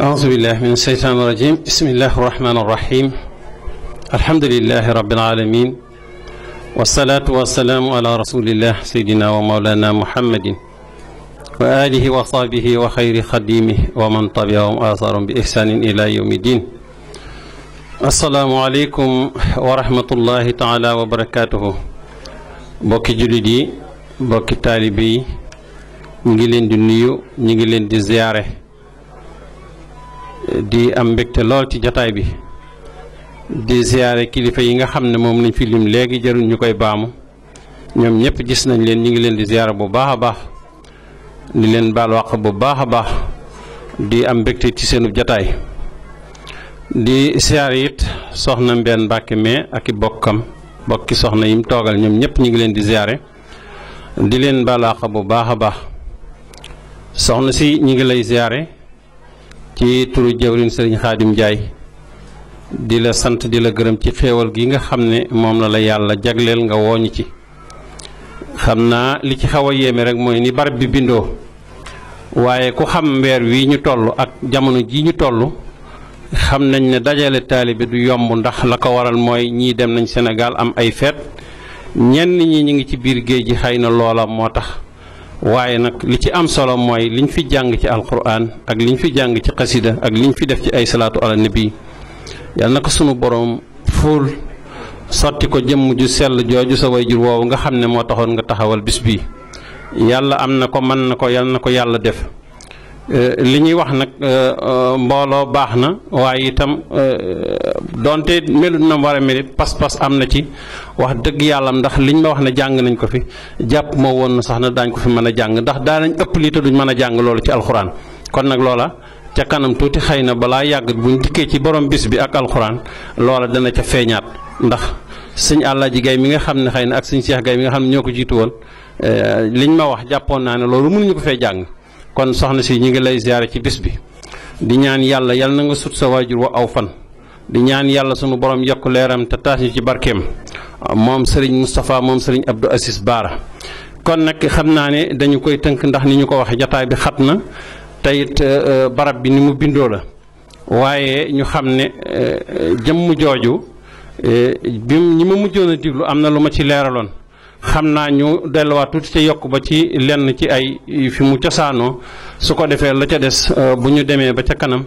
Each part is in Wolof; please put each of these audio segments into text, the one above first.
أعوذ بالله من الشيطان الرجيم بسم الله الرحمن الرحيم الحمد لله رب العالمين والصلاة والسلام على رسول الله سيدنا ومولانا محمد وآله وصحبه وخير خديمه ومن طبعهم آثار بإحسان إلى يوم الدين السلام عليكم ورحمة الله تعالى وبركاته بوكي جلدي بوكي طالبي نجي لين دي نيو نجي لين دي زياره di am mbégte lool ci jataay bi di ziyaare kilifa yi nga xam ne moom lañ fi lim léegi jarul ñu koy baamu ñoom ñëpp gis nañ leen ñu ngi leen di ziyaare bu baax a baax di leen baal bu baax a baax di am mbégte ci seenu jataay di ziyaare it soxna Mbène Mbàkke mais ak i bokkam bokki soxna yim toogal ñoom ñëpp ñu ngi leen di ziyaare di leen baal bu baax a baax soxna si ñu ngi lay ziyaare ci turu jawrin sëriñ xaadim Njaay di la sant di la gërëm ci xéewal gi nga xam ne moom la la yàlla jagleel nga wooñu ci xam naa li ci xaw a yéeme rek mooy ni barab bi bindoo waaye ku xam weer wi ñu toll ak jamono ji ñu tollu xam nañ ne dajale taalibe du yomb ndax la ko waral mooy ñii dem nañ senegal am ay feet ñenn ñi ñu ngi ci biir géej gi xëy na loola moo tax waaye nag li ci am solo mooy liñ fi jàng ci alquran ak liñ fi jàng ci xasida ak liñ fi def ci ay salaatu ala nabi yàlla na ko sunu boroom ful sotti ko jëmm ju sell jooju sa way jur woowu nga xam ne moo taxoon nga taxawal bis bi yàlla am na ko mën na ko yàlla na ko yàlla def Euh, li ñuy wax nag euh, euh, mbooloo baax na waaye itam donte melut na war a melit pas-pas am na ci wax dëgg yàlla ndax liñ ma wax ne jàng nañ ko fi jàpp moo woon sax na daañ ko fi mën a jàng ndax daanañ ëpp lii te duñ mën a jàng loolu ci alxuraan kon nag loola ca kanam tuuti xëy na balaa yàgg buñ dikkee ci borom bis bi ak alxuraan loola dana ca feeñaat ndax sëñ Àllaaji Gay mi nga xam ne xëy na ak suñ Seex Gay mi nga xam ne ñoo ko jiitu woon ñu ma wax jàppoon naa ne loolu mënuñu ko fee jàng kon soxna si ñu ngi lay ziyaare ci bis bi di ñaan yàlla yal na nga sut sa waajur wa aw fan di ñaan yàlla sunu borom yokk leeram te taas ñu ci barkeem moom sëriñ Moustapha moom sëriñ Abdou Aziz Baara kon nag xam naa ne dañu koy tënk ndax ni ñu ko waxee jataay bi xat na teyit euh, euh, barab bi ni mu bindoo la waaye ñu xam ne euh, jëmm jooju bi ñi ma mujjoon diglu am na lu ma ci leeraloon xam naa ñu delluwaatu tuuti ca yokk ba ci lenn ci ay fi mu cosaanoo su ko defee la ca des euh, bu ñu demee ba ca kanam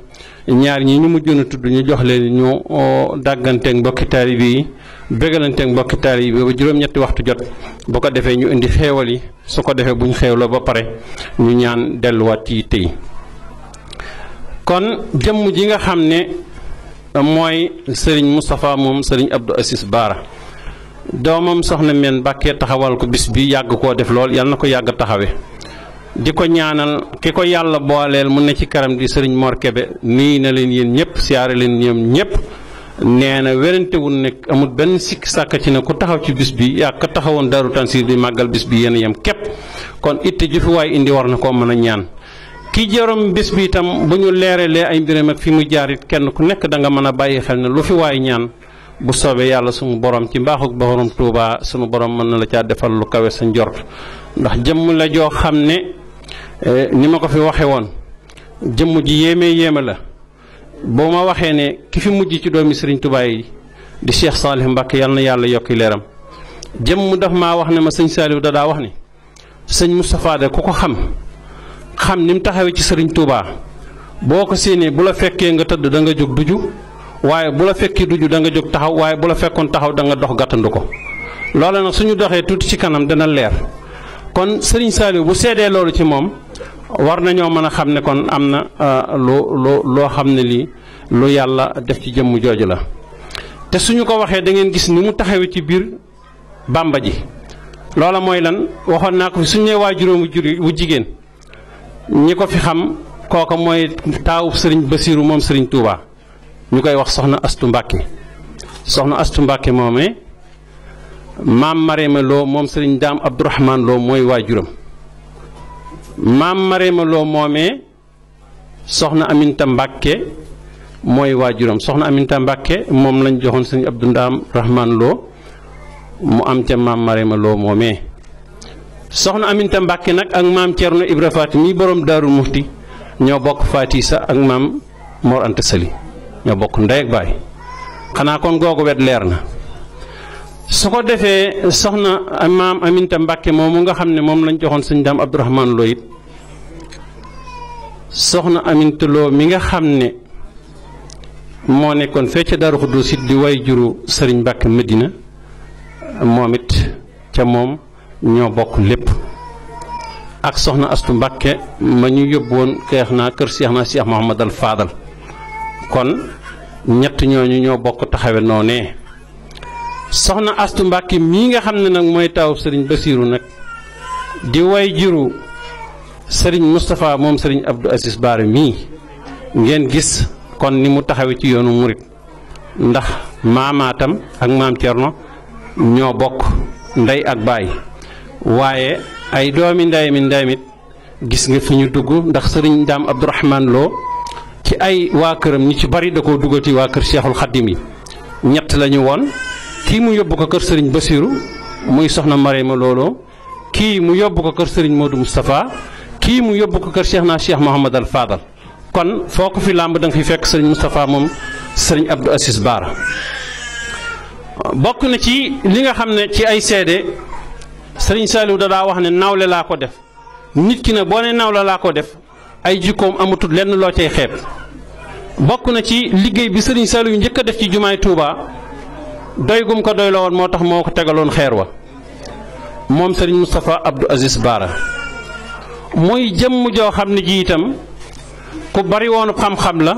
ñaar ñi ñu mujjoon a tudd ñu jox leen ñu euh, dàgganteeg mbokki taalibe yi bégalanteeg mbokki taalibe yi ba juróom-ñetti waxtu jot bu ko defee ñu indi xeewal yi su ko defee bu ñu xeewloo ba pare ñu ñaan delluwaat ci tey kon jëmm ji nga xam ne mooy sëriñ Moustapha moom sëriñ Abdou Assis Baara doomam soxna men Mbàkke taxawal ko bis bi yàgg koo def lool yal na ko yàgg taxawe di ko ñaanal ki ko yàlla booleel mu ne ci karam di sëriñ Mor Kebe nii na leen yéen ñëpp siyaare leen ñoom ñëpp nee na werantewul nekk amul benn sikk sàkk na ne ku taxaw ci bis bi yaa taxawoon daru Tansiir bi màggal bis bi yéen a yem képp kon itte ju fi waay indi war na koo mën a ñaan ki jërom bis bi itam bu ñu leeralee ay mbiram ak fi mu jaar it kenn ku nekk da nga mën a bàyyi xel ne lu ñaan bu soobee yàlla sunu borom ci mbaaxug borom Touba sunu boroom mën na la caa defal lu kawe sa njort ndax jëmm la joo xam ne e, ni ma ko fi waxe woon jëmm ji yéeme yéeme la boo ma waxee ne ki fi mujj ci doomi sëriñ Touba yi di Cheikh Salih Mbacke yal na yàlla yokki leeram jëmm daf ma wax ne ma sëñ Saliou da daa wax ni sëñ Moustapha de ku ko xam xam ni mu taxawee ci sëriñ Touba boo ko séenee bu la fekkee nga tëdd da nga jóg duju waaye bu la fekki duju da nga jóg taxaw waaye bu la fekkoon taxaw danga dox gàttandu ko loola nag suñu doxee tuuti ci kanam dana leer kon sëriñ Saliou bu seedee loolu ci moom war nañoo mën a xam ne kon am na euh, lu lu loo xam ne lii lu yàlla def ci jëmm jooju la te suñu ko waxee dangeen gis ni mu taxawee ci biir bàmba ji loola mooy lan waxoon naa ko fi suñu nee waajuróom wu jigéen ñi ko fi xam kooka mooy taawu sëriñ Basiiru moom sëriñ tuubaa ñu koy wax soxna astu mbàkke soxna astu mbàkke moomee maam Marème Lo moom sëriñ daam Abdourahman Lo mooy waajuram maam Marème Lo moomee soxna Aminta Mbàkke mooy waajuram soxna Aminta Mbàkke moom lañ joxoon sëriñ Abdou Daam Rahman mu am ca maam Marème Lo moomee soxna Aminta Mbàkke nag ak maam Thierno Ibra Faati mi borom Daaru Muxti ñoo bokk Faati sa ak maam Mor Anta ñoo bokk ndey ak baay xanaa kon googu wet leer na su ko defee soxna maam Aminta Mbàkke moomu nga xam ne moom lañ joxoon sëñ daam Abdourahman Lo it soxna Aminta mi nga xam ne moo nekkoon fee ca Daaru Xuddus di way juru sëriñ Mbàkke Medina moom it ca moom ñoo bokk lépp ak soxna Astu Mbàkke ma ñu yóbbu woon naa kër seex naa Seex Muhammad al Faadal kon ñett ñooñu ñoo bokk taxawe noonee soxna astu mbàkke mii nga xam ne nag mooy taaw sëriñ basiiru nag di way jiru sëriñ mustafa moom sëriñ abdou aziz baare mii ngeen gis kon ni mu taxawe ci yoonu murit ndax maamaatam ak maam cerno ñoo bokk ndey ak baay waaye ay doomi ndey mi gis nga fi ñu dugg ndax sëriñ daam abdourahman ci ay waa këram ñu ci bari da ko dugati waa kër Seexul Xaddim yi ñett lañu woon kii mu yóbbu ko kër sëriñ Basiiru muy soxna Marema Looloo kii mu yóbbu ko kër sëriñ moodu Moustapha kii mu yóbbu ko kër seex naa Cheikh Mouhamad Al Fadal kon foo ko fi làmb danga nga fi fekk sëriñ Moustapha moom sëriñ Abdou Assis Baara bokk na ci li nga xam ne ci ay seede sëriñ Saliou dadaa wax ne nawle laa ko def nit ki ne boo ne nawle laa ko def ay jikkoom amatul lenn loo cay xeeb bokk na ci liggéey bi sëriñ Saliou njëkk a def ci jumaay Touba doy gum ko doy la woon moo tax moo ko tegaloon xeer wa moom sëriñ Moustapha Abdou Aziz Baara muy jëmm joo xam ne ji itam ku bari woonu xam-xam la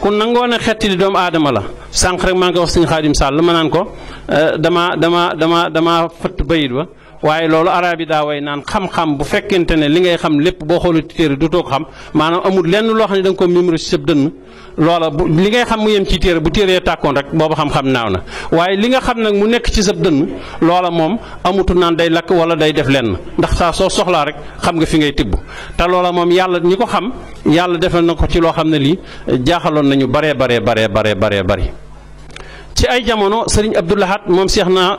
ku nangoon a xetti di doomu aadama la sànq rek maa ngi wax sëriñ Xaadim Sall ma naan ko eh, dama dama dama dama fëtt bayit wa waaye loolu arab yi daa way naan xam-xam bu fekkente ne li ngay xam lépp boo xoolee téere du toog xam maanaam amul lenn loo xam ne da ko mimre si sëb dënn xam mu yem ci téere bu téeree tàkkoon rek booba xam-xam naaw na waaye li nga xam nag mu nekk ci sëb dënn loola moom amutu naan day lakk wala day def lenn ndax saa soo soxlaa rek xam nga fi ngay tibb te loola moom yàlla ñi ko xam yàlla defal na ko ci loo xam ne lii jaaxaloon nañu baree baree baree baree baree bëri ci ay jamono sëriñ Abdou moom seex naa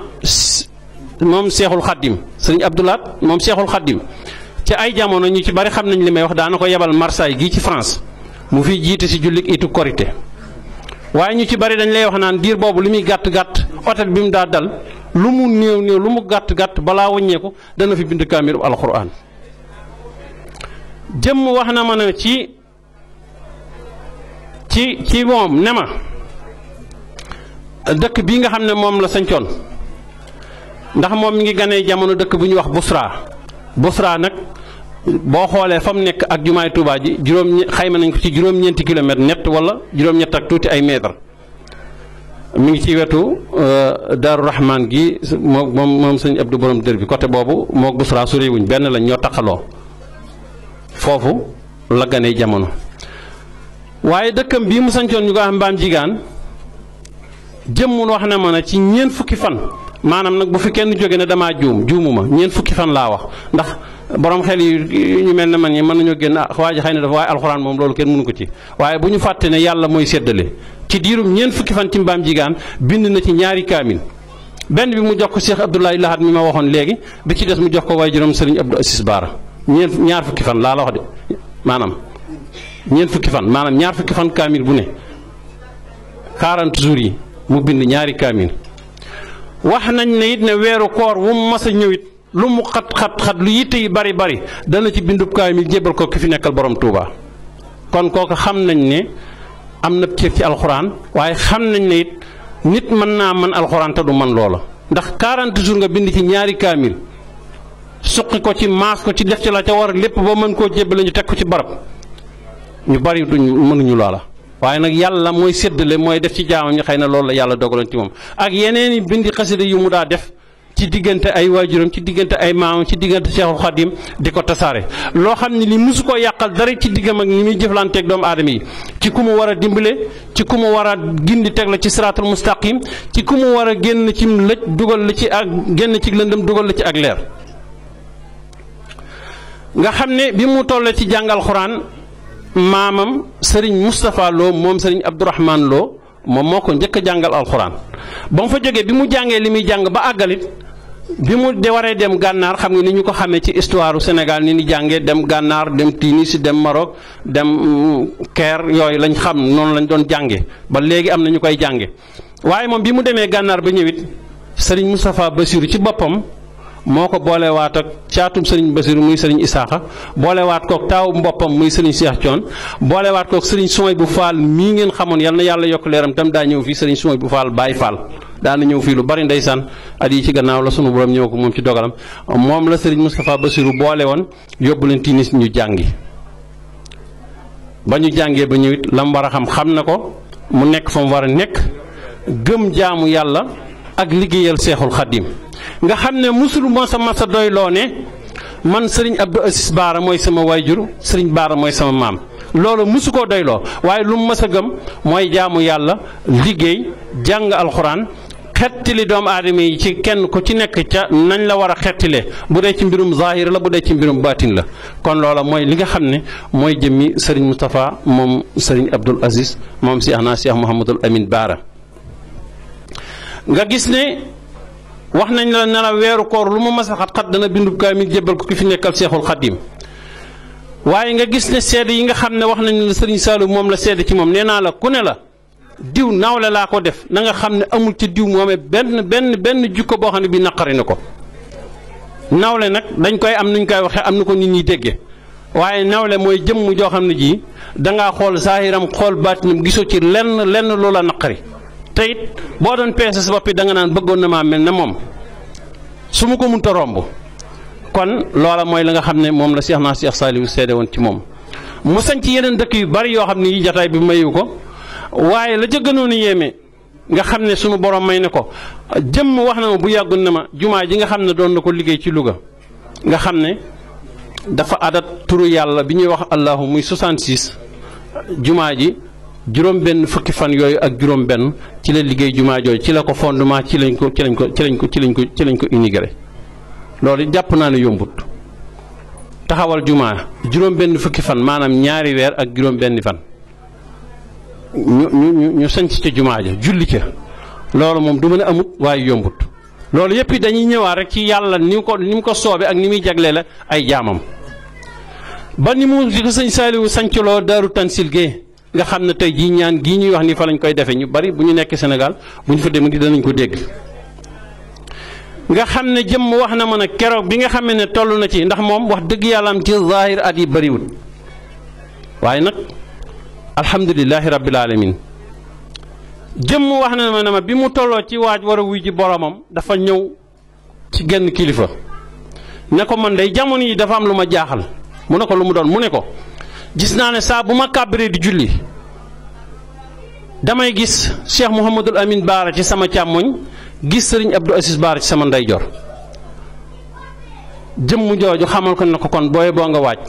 moom seexul xaddim sëriñ Abdoulaat moom seexul xaddim ci ay jamono ñu ci bari xam nañ li may wax daana ko yebal Marseille gii ci France mu fi jiite si jullit itu korité waaye ñu ci bari dañ lay wax naan diir boobu li muy gàtt gàtt otel bi mu daa dal lu mu néew néew lu mu gàtt gàtt balaa waññeeku dana fi bind kaamiru alxuraan jëmm wax na ma ne ci ci ci moom ne ma dëkk bii nga xam ne moom la sañcoon ndax moom mi ngi ganee jamono dëkk bu ñuy wax Busra Busra nag boo xoolee fa mu nekk ak jumaay Touba ji juróom xayma nañ ko ci juróom-ñeenti kilomètre ñett wala juróom-ñett ak tuuti ay mètre mi ngi ci wetu euh, Daaru Rahman gi moom moom sëñ Abdou borom dër bi côté boobu moog Busra soriwuñ benn lañ ñoo taxaloo foofu la ganee jamono waaye dëkkam bii mu sancoon ñu ko wax mbaam jigaan jëmmul wax na ma ne ci ñeent fukki fan. maanaam nag bu fi kenn jóge ne damaa juum ma ñeent fukki fan laa wax ndax borom xel yi ñu mel ne man ñi mën nañoo génn ah, waa ji xëy na dafa waaye alxuraan moom loolu kenn mënu ko ci waaye bu ñu fàtte ne yàlla mooy séddale ci diirum ñeent fukki fan ci mbaam jigaan bind na ci ñaari kaamil benn bi mu jox ko Cheikh Abdoulaye Lahad mi ma waxoon léegi bi ci des mu jox ko waay juróom Serigne Abdou Assis Baara ñeent ñaar fukki fan laa la wax de maanaam ñeent fukki fan maanaam ñaar fukki fan kaamil bu ne 40 mu bind ñaari kaamil wax nañ ne it ne weeru koor wu mu mas ñëw lu mu xat xat xat lu yitte yi bari bari dana ci bindub kaamil jébbal ko ki fi nekkal borom Touba kon kooku xam nañ ne am na cër ci alxuraan waaye xam nañ ne it nit mën naa mën alxuraan te du mën loola ndax 40 jours nga bind ci ñaari kaamil suqi ko ci maas ko ci def ci la ca war lépp ba mën koo jébbale ñu teg ko ci barab ñu bari duñ mënuñu loola. waaye nag yàlla mooy séddale mooy def ci jaamam ñi xëy na loolu la yàlla dogaloon ci moom ak yeneen i bindi xasida yu mu daa def ci diggante ay waajuram ci diggante ay maamam ci diggante Seexu Xadim di ko tasaare loo xam ne li musu ko yàqal dara ci diggam ak ni muy jëflanteeg doomu aadama yi ci ku mu war a dimbale ci ku mu war a gindi teg la ci siraatul mustaqim ci ku mu war a génn ci lëj dugal la ci ak génn ci lëndam dugal la ci ak leer nga xam ne bi ci jàngal maamam sëriñ Moustapha Lo moom sëriñ Abdourahman Lo moom moo ko njëkk jàngal alxuraan ba mu fa jógee bi mu jàngee li muy jàng ba àggalit bi mu de waree dem gànnaar xam nga ni ñu ko xamee ci histoire Sénégal ni ni jàngee dem gànnaar dem Tunisie dem Maroc dem Caire yooyu lañ xam noonu lañ doon jàngee ba léegi am na ñu koy jànge waaye moom bi mu demee gànnaar ba ñëwit sëriñ Moustapha Bassirou ci boppam moo ko boolewaat ak caatum sëriñ Basiru muy sëriñ Isaaxa boolewaat kook taawu mboppam muy sëriñ Cheikh Thion boolewaat kook sëriñ Sooy bu Faal mii ngeen xamoon yal na yàlla yokk leeram tam daa ñëw fii sëriñ Sooy bu Faal Baay Faal daana ñëw fii lu bari ndeysaan at yi ci gannaaw la sunu borom ñëw ko moom ci dogalam moom la sëriñ Moustapha Basiru boole woon yóbbu leen tinis ñu jàngi ba ñu jàngee ba ñëw it la mu war a xam xam na ko mu nekk fa mu war a nekk gëm jaamu yàlla ak liggéeyal seexul xaddim nga xam ne musul moo sa masa doy loo ne man sëriñ Abdou Aziz Baara mooy sama waajur sëriñ Baara mooy sama maam loolu musu koo doyloo waaye lu mu mës gëm mooy jaamu yàlla liggéey jàng alxuraan xettili doomu aadama yi ci kenn ku ci nekk ca nañ la war a xettile bu dee ci mbirum zahir la bu dee ci mbirum baatin la kon loola mooy li nga xam ne mooy jëmmi sëriñ Moustapha moom sëriñ Abdul Aziz moom si ana Cheikh Mouhamadul Amin Baara nga gis ne wax nañ la ne weeru koor lu ma mas a xat-xat dana bindub mi jébbal ko ki fi nekkal seexul xadim waaye nga gis ne seede yi nga xam ne wax nañ la sëriñ Saalum moom la sedd ci moom nee naa la ku ne la diw nawle laa ko def na nga xam ne amul ci diw moomee benn benn benn jukko boo xam ne bi naqari na ko nawle nag dañ koy am nuñ koy waxee am na ko nit ñi déggee waaye nawle mooy jëmm joo xam ne ji dangaa xool saahiram xool baatinam gisoo ci lenn lenn loola naqari te it boo doon peese sa bopp it da nga naan bëggoon na maa mel na moom su ma ko munta romb kon loola mooy la nga xam ne moom la Cheikh naa Cheikh Saliou seede woon ci moom. mu sañ ci yeneen dëkk yu bari yoo xam ne yi jataay bi mayu ko waaye la ca gënoon yéeme nga xam ne sunu borom may na ko jëmm wax na ma bu yàggun na ma jumaa ji nga xam ne doon na ko liggéey ci Louga nga xam ne dafa adat turu yàlla bi ñuy wax allahu muy 66 jumaa ji. juróom benn fukki fan yooyu ak juróom benn ci la liggéey jumaa jooyu ci la ko fondement ci lañ ko ci lañ ko ci lañ ko ci lañ ko ci lañ ko immigré loolu jàpp naa ne yombut taxawal jumaa juróom benn fukki fan maanaam ñaari weer ak juróom benn fan ñu ñu ñu sañc ca jumaa ja julli ca loolu moom du ma ne amut waaye yombut loolu yépp dañuy ñëwaat rek ci yàlla ni ko ni mu ko soobe ak ni muy jagle la ay jaamam ba ni mu di ko sëñ Saaliwu sañcoloo daaru tansil gee nga xam ne tey jii ñaan gii ñuy wax ni fa lañ koy defee ñu bari bu ñu nekk Sénégal bu ñu fa demee di danañ ko dégg. nga xam ne jëmm wax na ma ne keroog bi nga xam ne toll na ci ndax moom wax dëgg yàlla am ci zaahir at yi bariwul waaye nag alhamdulilahi rabbil alamin jëmm wax na ma ma bi mu tolloo ci waaj war a wuy ji boromam dafa ñëw ci genn kilifa ne ko man dey jamono yi dafa am lu ma jaaxal mu ne ko lu mu doon mu ne ko. gis naa ne saa bu ma kàbbaree di julli damay gis Cheikh Mouhamadul Amin Baara ci sama càmmoñ gis sëriñ Abdou Aziz Baara ci sama ndeyjoor jëmm jooju xamal ko na ko kon booy boo nga waaj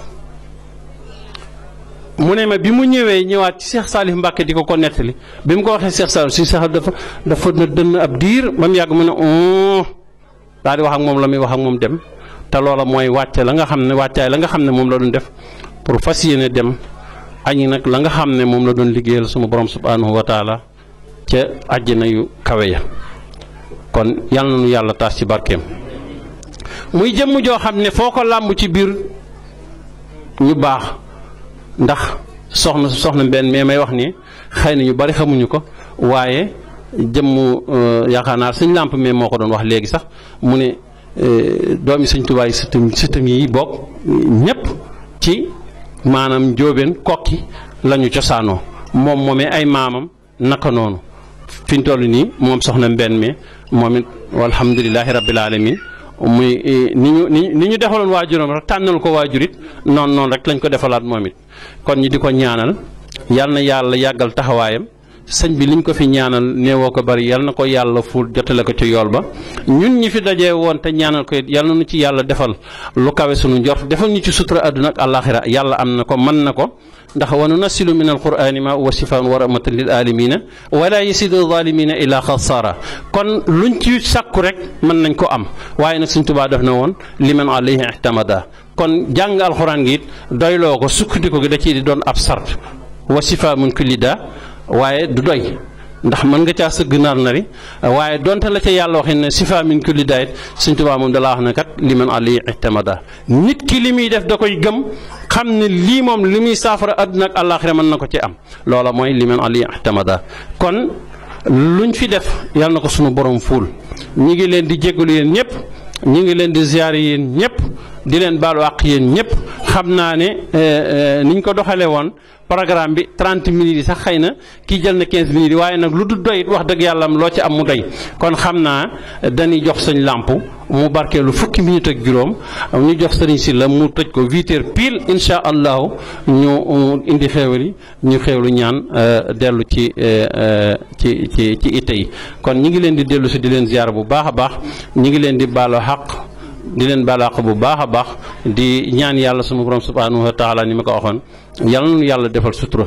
mu ne ma bi mu ñëwee ñëwaat ci Cheikh Salif Mbacke di ko ko nettali bi mu ko waxee Cheikh Salif si sax dafa dafa na dënn ab diir ba mu yàgg mu ne daal di wax ak moom la muy wax ak moom dem te loola mooy wàcce la nga xam ne wàccaay la nga xam ne moom la doon def pour fas yéene dem añi nag la nga xam ne moom la doon liggéeyal suma borom subhaanahu wa taala ca àjjana yu kawe ya kon yàlla na nu yàlla taas ci barkeem muy jëmm joo xam ne foo ko làmb ci biir ñu baax ndax soxna soxna benn mais may wax ni xëy na ñu bari xamuñu ko waaye jëmm euh, yaakaar naa suñ làmp mais moo ko doon wax léegi sax mu ne euh, doomi sëñ Tuubaa yi sëtam yi bokk ñépp ci maanaam njóobeen kokki lañu ñu cosaanoo moom moomee ay maamam naka noonu fi ñu toll nii moom soxna mbenn mi moom it walhamdulilahi rabbil alamin muy eh, ni ñu ni ni ñu defaloon waajuram rek tànnal ko waajurit noon noonu rek lañ ko defalaat moom it kon ñi di ko ñaanal yal na yàlla yàggal taxawaayam sëñ bi liñ ko fi ñaanal néewoo ko bari yal na ko yàlla fu la ko ca yool ba ñun ñi fi dajee woon te ñaanal ko yal na ñu ci yàlla defal lu kawe sunu njort defal ñu ci sutura adduna ak àllaaxira yàlla am na ko mën na ko ndax wa nunasilu min alqurani ma huwa shifaan wa rahmatan lil alamina wala yasidu zalimina illa xasaara kon luñ ci sàkku rek mën nañ ko am waaye nag suñ tubaa def na woon liman alayhi ihtamada kon jàng alxuraan gi it doyloo ko sukkandiku da ciy di doon ab sart wa shifaa min waaye du doy ndax mën nga caa sëgg nar nari waaye donte la ca yàlla waxee ne sifa min kulli daayit suñ tubaab moom dalaa wax ne kat li man ali ihtamada nit ki li muy def da koy gëm xam ne lii moom li muy saafara àdduna ak àllaaxira mën na ko ci am loola mooy li man ali ihtamada kon lu luñ fi def yàlla na ko sunu borom fuul ñi ngi leen di jéggalu yéen ñëpp ñu ngi leen di ziyaare yéen ñëpp di leen baalu àq yéen ñëpp xam naa ne euh, euh, niñ ko doxalee woon programme bi 30 minutes yi sax xëy na kii jël na 15 waaye nag lu du doy wax dëgg yàlla am loo ci am mu dey kon xam naa dañuy jox sëñ làmp mu barkeelu fukki minute ak juróom ñu jox sëriñ si la mu tëj ko 8 heures pile incha allahu ñu euh, indi xéewal yi ñu lu ñaan dellu ci ci ci ci itte yi kon ñu ngi leen di dellu si di leen ziar bu baax a baax ñu ngi leen di baalu xaq di leen balaax bu baax a baax di ñaan yàlla suma borom subhanahu wa ni ma ko axoon yàlla nañu yàlla defal sutura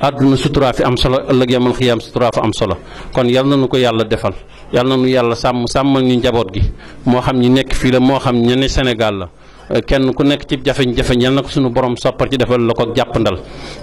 àdduna sutura fi am solo ëllëg yamal xiyaam sutura fa am solo kon yàlla nañu ko yàlla defal yàlla nañu yàlla sàmm sàmmal ñu njaboot gi moo xam ñi nekk fii la moo xam ne Sénégal la kenn ku nekk ci jafeñ-jafeñ yal na ko suñu borom soppar ci defal la ko jàppandal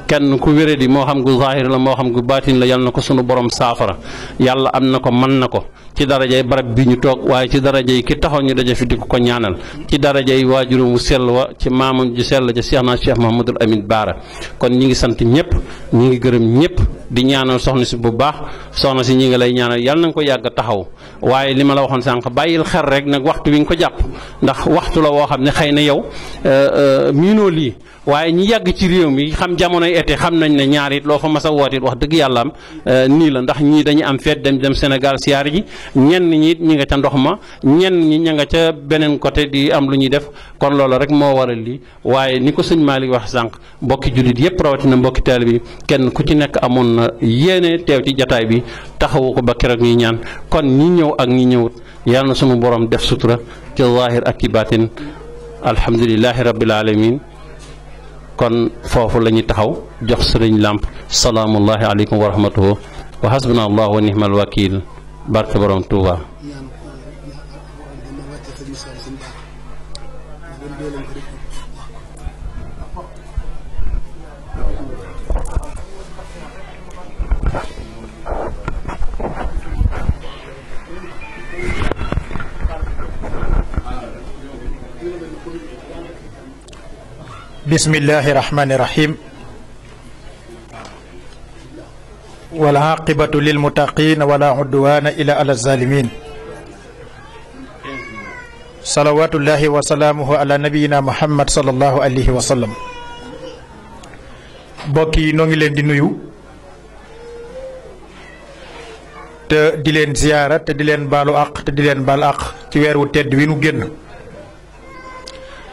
kenn ku wéré di moo xam gu zahir la moo xam gu baatin la yal na ko sunu borom saafara yàlla am na ko man na ko ci darajay barab bi ñu toog waaye ci darajay ki taxoon ñu daje fi di ko ñaanal ci darajay waajuram wu sell wa ci maamam ju sell ja Cheikh naa ma Mahamadul Amin Baara kon ñi ngi sant ñëpp ñi ngi gërëm ñëpp di ñaanal soxna si bu baax soxna si ñu ngi lay ñaanal yàlla na nga ko yàgg taxaw waaye li ma la waxoon sànq bàyyil xer rek nag waxtu wi nga ko jàpp ndax waxtu la woo xam ne xëy na yow euh, euh, miinoo lii waaye ñi yàgg ci réew mi xam jamonoy été xam nañ ne ñaarit loo fa mas a wootit wax dëgg yàlla am euh, nii la ndax ñii dañu am fet dem dem Sénégal siyaar ji ñenn ñi ñi nga ca ndox ma ñenn ñi ña nga ca beneen côté di am lu ñuy def kon loolu rek moo waral lii waaye ni ko sëñ Malick wax sànq mbokki jullit yépp rawatina mbokki taalibe bi kenn ku ci nekk amoon na yéene teew ci jataay bi taxawu ko ñëw ak ñi ñëwut yàlla na sunu boroom def sutura ci zaahir ak ci baatin alhamdulilahi rabbil alamin kon foofu la ñuy taxaw jox sëriñ làmp salaamullahi aleykum wa rahmatuhu wa hasbuna allah wa nihmal wakil barke borom Touba bismillahi rahmani rahim walaqibatu lilmutaqin wala udwana ila ala zalimin salawatullahi wa salaamuhu ala nabiyina muhammad salallahu alayhi wa sallam mbokk yi noo ngi leen di nuyu te di leen ziyaara te di leen baalu àq te di leen baal àq ci weer wu tedd wi nu génn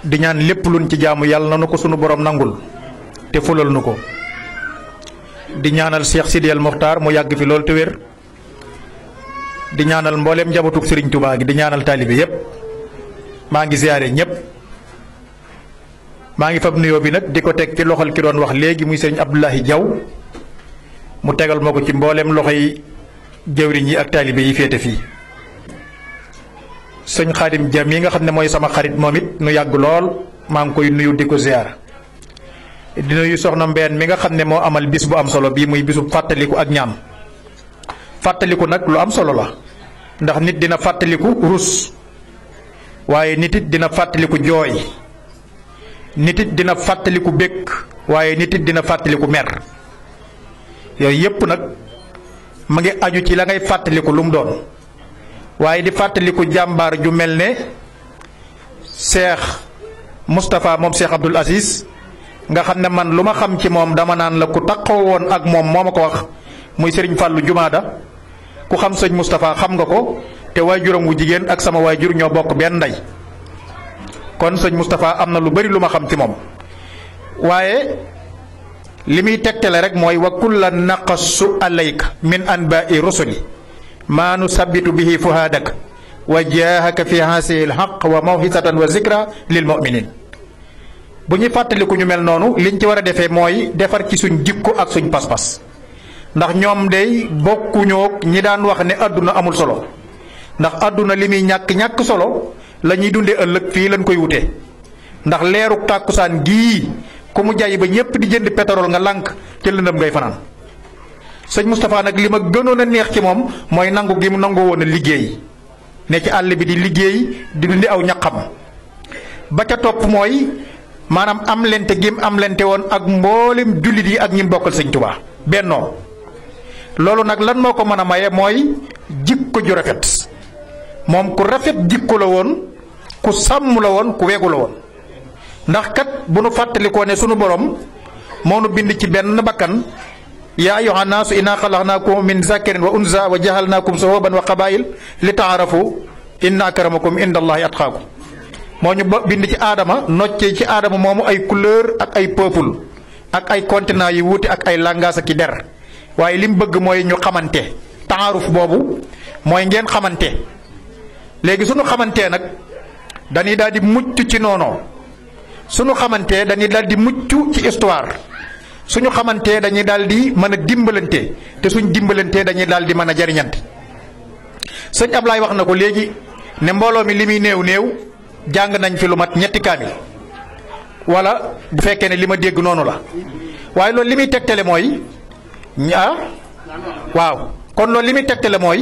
di ñaan lépp luñ ci jaamu yàlla na nu ko sunu borom nangul te fulal nu ko di ñaanal Cheikh Sidi El Mokhtar mu yàgg fi loolu te wér di ñaanal mbooleem njabootug Serigne Touba gi di ñaanal taalibe yépp maa ngi ziyaare ñépp maa ngi fab nuyoo bi nag di ko teg ci loxol ki doon wax léegi muy Serigne Abdoulahi Diaw mu tegal ma ko ci mbooleem loxo yi jëwriñ yi ak taalibe yi féete fii sëñ xaadim jam yi nga xam ne mooy sama xarit moom it nu yàgg lool maa ngi koy nuyu di ko ziar di nuyu soxna Mbeen mi nga xam ne moo amal bis bu am solo bii muy bisu fàttaliku ak ñaan fàttaliku nag lu am solo la ndax nit dina fàttaliku rus waaye nit it dina fàttaliku jooy nit it dina fàttaliku békk waaye nit it dina fàttaliku mer yooyu yépp nag mu ngi aju ci la ngay fàttaliku lu mu doon. waaye di fàttaliku jàmbaar ju mel ne seex Moustapha moom seex Abdul Aziz nga xam ne man lu ma xam ci moom dama naan la ku takkoo woon ak moom moo ma ko wax muy sëriñ Fàllu Jumaada ku xam sëñ Moustapha xam nga ko te waajuram wu jigéen ak sama waajur ñoo bokk benn ndey kon sëñ Moustapha am na lu bari lu ma xam ci moom waaye li muy tegtale rek mooy wakkul la naqassu alayka min anba'i rusuli maanu maa nusabbitu bihi fuhaadak wa jaahaka fi haasihi alxaq wa mawxisatan wa zikra lil muminin bu ñuy fàttaliku ñu mel noonu liñ ci war a defee mooy defar ci suñ jikko ak suñ pas-pas ndax ñoom day bokkuñoo ñi daan wax ne àdduna amul solo ndax àdduna li muy ñàkk-ñàkk solo la ñuy dundee ëllëg fii lañ koy wutee ndax leeruk tàkkusaan gii ku mu jaay ba ñépp di jënd pétrole nga lànk ci lëndëm ngay fanaan sëñ Moustapha nag li ma gënoon neex ci moom mooy nangu gi mu nangu woon a liggéey ne ci àll bi di liggéey di dundi aw ñaqam ba ca topp mooy maanaam am lente gi mu am woon ak mboolem jullit yi ak ñi bokkal sëñ Touba bennoo loolu nag lan moo ko mën a maye mooy jikko ju rafet moom ku rafet jikko la woon ku sàmm la woon ku wegu la woon ndax kat bu nu fàttalikoo ne sunu boroom moo nu bind ci benn bakkan yaa ayyuhan naas innaa xalaqnaakum min zakarin wa unsa wa jahalnaakum suhuban wa qabaa'il li taarafu inna akramakum inda allahi atqaakum moo ñu bind ci aadama noccee ci aadama moomu ay couleur ak ay peuple ak ay continent yi wuute ak ay langage ak i der waaye li bëgg mooy ñu xamante taaruf boobu mooy ngeen xamante léegi suñu xamantee nag dañuy daal di mucc ci noonoo suñu xamantee dañuy daal di mucc ci histoire suñu xamantee dañuy daal di mën a dimbalante te suñ dimbalantee dañuy daal di mën a jariñante sëñ Ablaay wax na ko léegi ne mbooloo mi li muy néew néew jàng nañ fi lu mat ñetti kaamil walla bu fekkee ne li ma dégg noonu la waaye loolu li muy tegtale mooy ah waaw kon loolu li muy tegtale mooy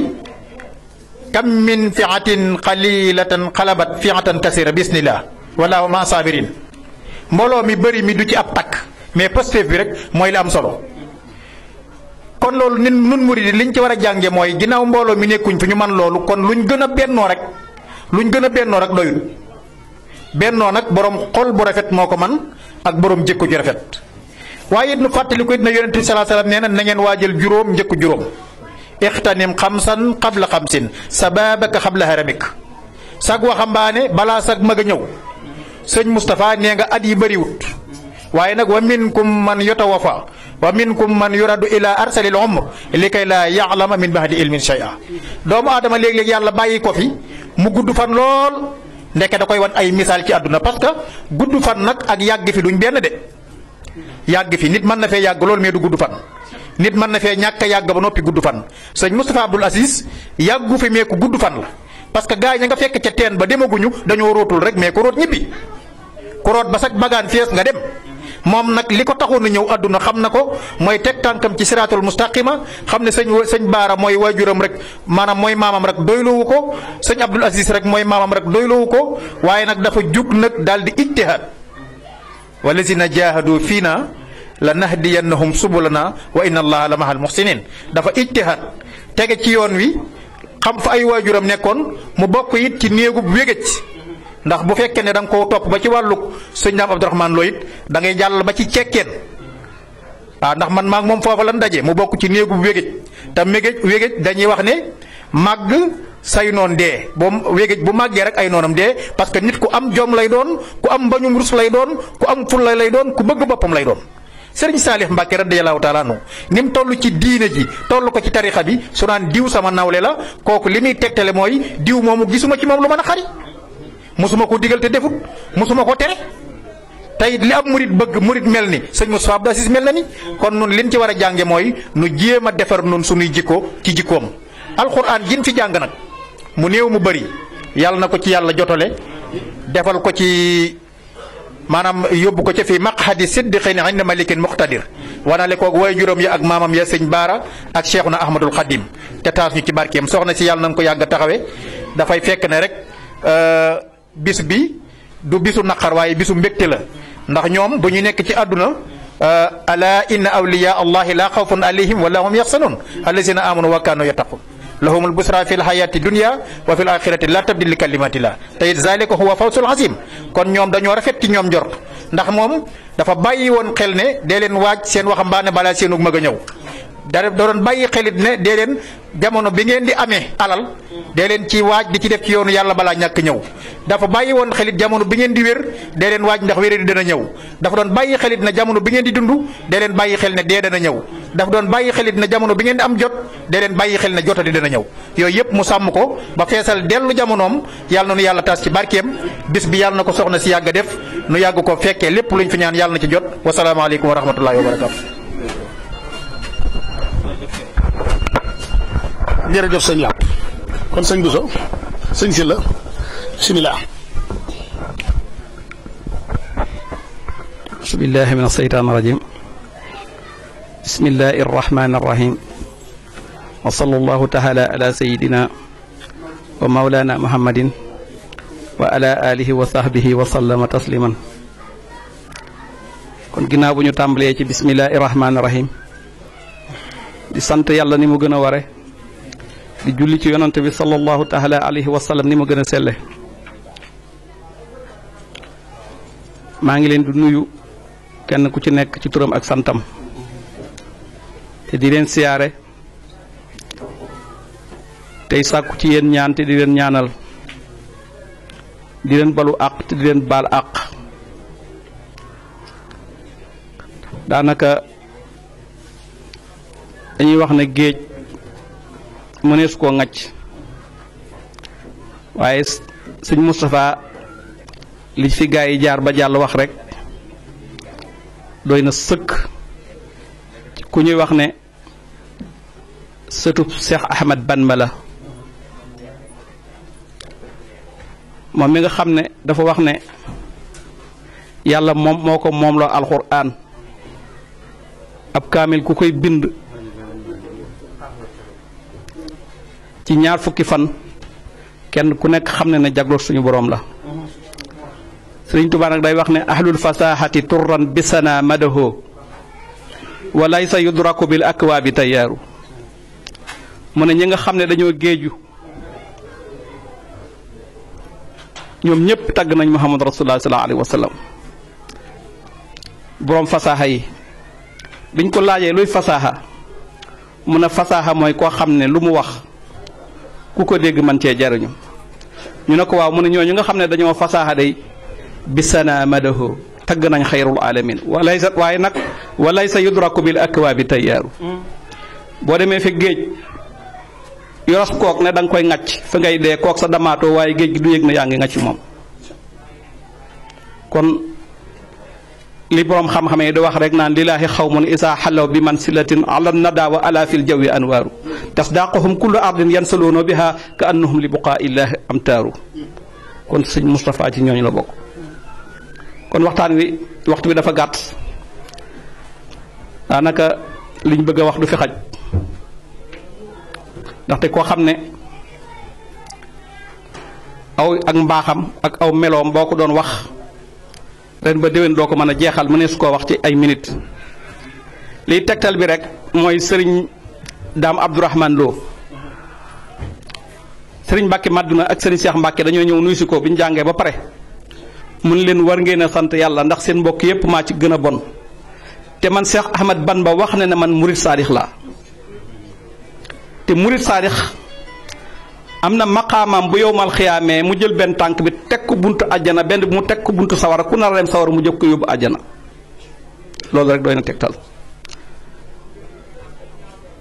kam min fiatin qalilatan xalabat fiatan kasira bisnillah wala ma sabirin mbooloo mi bari mi du ci ab takk mais Pastef bi rek mooy la am solo kon loolu nin nun murid liñ ci war a jànge mooy ginnaaw mbooloo mi nekkuñ fi ñu man loolu kon luñ gën a bennoo rek luñ gën a bennoo rek doyul bennoo nag boroom xol bu rafet moo ko man ak borom jëkku ju rafet waaye it nu fàttali ko it na yonent bi salaa salaam nee na na ngeen waajal juróom njëkku juróom ixtanim xamsan xabla xamsin sababaka xabla haramik sag waxambaane balaa sag mag a ñëw sëñ Moustapha nee nga at yi bëriwut waaye nag wa minkum man yutawafa wa minkum man yuradu ila arsalil umr li kay la yaalama min ba'di ilmin shay'a doomu aadama léeg-léeg yàlla bàyyi ko fi mu gudd fan lool ndeke da koy wan ay misaal ci àdduna parce que gudd fan nag ak yàgg fi duñ benn de yàgg fi nit mën na fee yàgg lool mais du gudd fan nit mën na fee ñàkk yàgg ba noppi gudd fan sëñ Moustapha Abdoul Aziz yàggu fi mais ku gudd fan la parce que gars yi nga fekk ca teen ba demaguñu dañoo rootul rek mais ku root ñibbi ku ba sax bagaan fees nga dem moom nag li ko taxoon a ñëw àdduna xam na ko mooy teg tànkam ci siraatul mustaqima xam ne sëñ sëñ baara mooy waajuram rek maanaam mooy maamam rek doyloowu ko sëñ abdul aziz rek mooy maamam rek doyloowu ko waaye nag dafa jug nag daal di ijtihaad walazina jaahadu fiina la nahdiyannahum subulana wa inna allaha la mahal muhsinin dafa ijtihaad tege ci yoon wi xam fa ay waajuram nekkoon mu bokk it ci néegub wégéj ndax bu fekkee ne danga nga koo topp ba ci wàllu sëñ daam Abdourahmane Lo it da ngay jàll ba ci cekkeen waaw ah, ndax man maag moom foofa lan daje mu bokk ci néegu wégéj te mégéj wégéj dañuy wax ne màgg say noon dee boo wégéj bu màggee rek ay noonam dee parce que nit ku am jom lay doon ku am mbañum rus lay doon ku am fulla lay doon ku bëgg boppam lay doon sëriñ Saalif mbakke radiyallaahu taala anhu ni mu toll ci diine ji toll ko ci tarixa bi su naan diw sama nawle la kooku li muy tegtale mooy diw moomu gisuma ci moom lu mën a xari mosuma ko digal te defut mosuma koo tere tey li am murit bëgg murit mel ni sëñ Moustapha Abdou Aziz mel na ni kon nun liñ ci war a jànge mooy nu jéem a defar nun suñuy jikko ci jikkoom alxuraan jin fi jàng nag mu néew mu bari yàlla na ko ci yàlla jotale defal ko ci maanaam yóbbu ko ca fii maqhadi siddiqin inda malikin muqtadir wanale koog way juróom ya ak maamam ya sëñ baara ak cheikhuna ahmadul xadim te taas ñu ci barkeem soxna si yàlla na ko yàgg taxawe dafay fekk ne rek euh, bis bi du bisu naqar waaye bisu mbégte la ndax ñoom bu ñu nekk ci àdduna euh, ala inna awliya allahi la xawfun alayhim wala hum yaxsanun allazina amanu wa kanu yattaqun lahumul busra fi lxayaati dunia wa fi l axirati la tabdil li kalimatillah tayit zalika huwa fawsul azim kon ñoom dañoo rafet ci ñoom njort ndax moom dafa bàyyi woon xel ne dee leen waaj seen waxambaane balaa seenug mag a ñëw da doon bàyyi xelit ne dee leen jamono bi ngeen di amee alal dee leen ci waaj di ci def ci yoonu yàlla balaa ñàkk ñëw dafa bàyyi woon xelit jamono bi ngeen di wér dee leen waaj ndax wéré dana ñëw dafa doon bàyyi xelit na jamono bi ngeen di dund dee bàyyi xel ne dee dana ñëw dafa doon bàyyi xelit jamono bi ngeen di am jot dee leen bàyyi xel ne jotati dana ñëw yooyu yëpp mu sàmm ko ba feesal dellu jamonoom yàlla na nu yàlla tas ci barkeem bis bi yàlla na ko soxna si yàgg def nu yàgg ko fekkee lépp luñ fi ñaan yàlla na ci jot wasalaamaaleykum wa rahmatullahi wa barakatu jërëjëf sëñ Lapp kon sëñ Bousso sëñ Sylla min aseytaan rajim bismillahi arrahmani arrahim wa sallallahu taala ala sayidina wa tasliman kon ginnaaw bu ñu ci bismillahi rahmaani rahim di sant yàlla ni mu gën a ware di julli ci yonante bi sallallahu taala alayhi wa sallam ni mu gën a selle maa ngi leen di nuyu kenn ku ci nekk ci turam ak santam te di leen siyaare tey sàkku ci yéen ñaan te di leen ñaanal di leen balu àq te di leen baal àq daanaka dañuy wax ne géej mënees koo ŋacc waaye sëñ Moustapha li fi gaa yi jaar ba jàll wax rek doy na sëkk ku ñuy wax ne sëtub Cheikh ban Banma la moom mi nga xam ne dafa wax ne yàlla moom moo ko moom loo alxuraan ab kaamil ku koy bind ci ñaar fukki fan kenn ku nekk xam ne na jagloot suñu boroom la sëriñ Tuubaa nag day wax ne ahlul fasahati turran bisana madaho wa laysa yudraku bil akwaabi tayaaru mu ne ñi nga xam ne dañoo géeju ñoom ñëpp tagg nañ muhammad rasulullah sallallahu alayhi wa sallam boroom fasaaxa yi biñ ko laajee luy fasaaxa mu ne fasaaxa mooy koo xam ne lu mu wax ku ko dégg man cee jariñu ñu ne ko waaw mu ne ñooñu nga xam ne dañoo fasaaxa day bisana madaho tagg nañ xayrul alamin walay sa waaye nag walay sa yudraku bil akwaabi tayyaaru boo demee fi géej yoros kook ne da koy ŋàcc fa ngay dee kook sa damaatoo waaye géej gi du yëg na yaa ngi ŋàcc moom kon li boroom xam-xam yi di wax rek naan lilaahi xawmun isaa xalaw bi man silatin ala nada wa ala fil jawi anwaaru tasdaquhum kullu ardin yansaluuna biha ka annahum li buqaa illaahi am taaru sëñ Moustapha ci ñooñu la bokk kon waxtaan wi waxtu bi dafa gàtt daanaka liñ bëgg a wax du fi ndaxte koo xam ne aw ak mbaaxam ak aw meloom boo ko doon wax ren ba déwén doo ko mën a jeexal ne su koo wax ci ay minutes liy tegtal bi rek mooy sëriñ daam Abdourahman Lo sëriñ Mbacke Maduna ak sëriñ seex Mbacke dañoo ñëw nuyu si ko bi ñu jàngee ba pare mun leen war ngeen a sant yàlla ndax seen mbokk yépp maa ci gën a bon te man Cheikh ban ba wax na ne man murid saadix laa te murid saadix am na maqaamaam bu yow mal xiyaamee mu jël benn tànk bi teg ku buntu àjjana benn bi mu teg ku buntu sawara ku nar a dem mu jóg ko yóbbu àjjana loolu rek doy na tegtal.